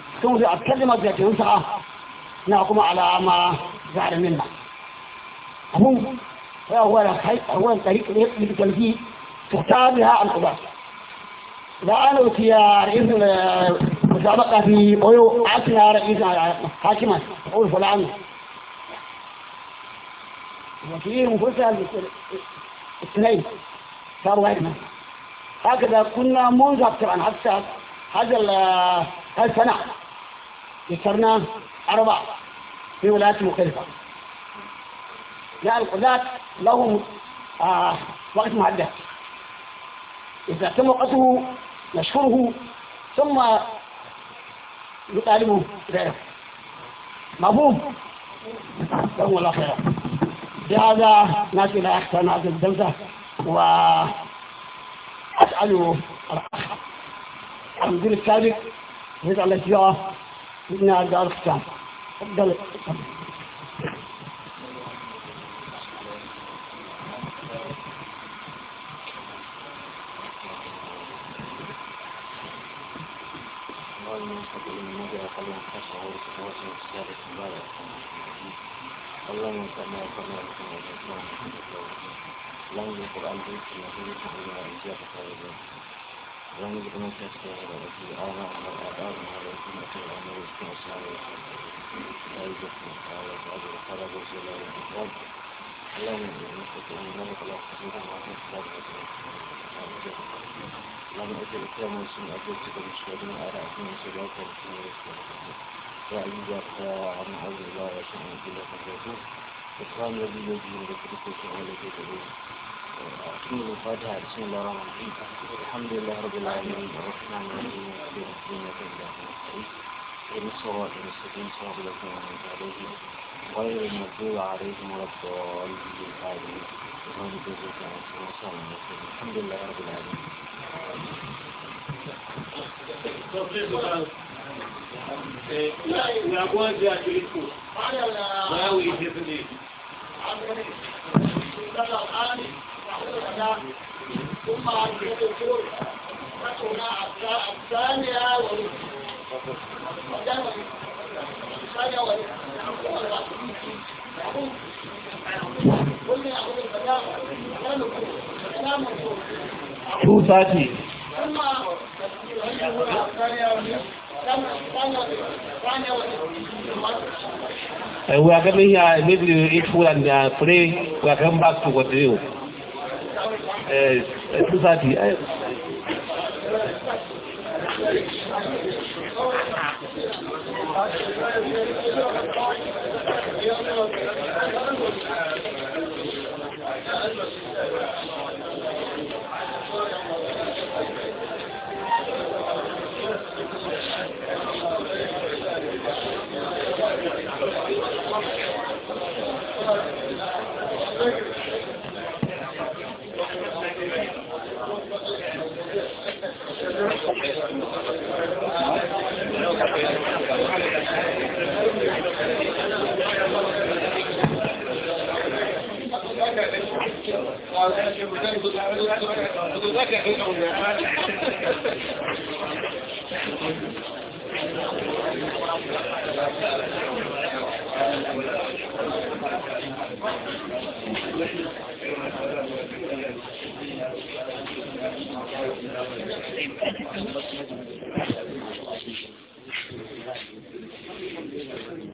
S3: توضع أتكلم التي وسعة آه. نعقم على ما زعر منا هو هو هو الطريق اللي كان فيه تختارها عن قبار لا أنا يا رئيس المسابقة في قيو عكنا رئيس حاكمة أقول فلان وكيل مفرسة الاثنين صار واحد هكذا كنا منذ أكثر عن حتى هذا السنة ذكرنا أربعة في ولايات مختلفة لا القضاة لهم آه وقت معدد إذا تم وقته نشكره ثم نطالبه غيره مفهوم لهم الله خير بهذا ناتي إلى أختنا هذه و وأسأل الأخ المدير السابق يجعل الله ابن عبد الرحمن تفضل
S5: يؤمن بالكتب والذي تدين أقيم الفاتحة بسم الله الرحمن الرحيم الحمد لله رب العالمين الرحمن الرحيم مالك يوم الدين إياك نستعين اهدنا الصراط المستقيم صراط الذين أنعمت عليهم غير المغضوب عليهم ولا الضالين آمين اللهم جزاك الله خيرا الحمد لله رب العالمين
S2: So please, uh, we are going to actually school. Where we definitely ثم الثانية Two thirty. And
S1: eh, we are coming here eh, maybe eat food and uh, pray. We are coming back to continue.
S2: Uh, eh, two thirty. Uh, Thank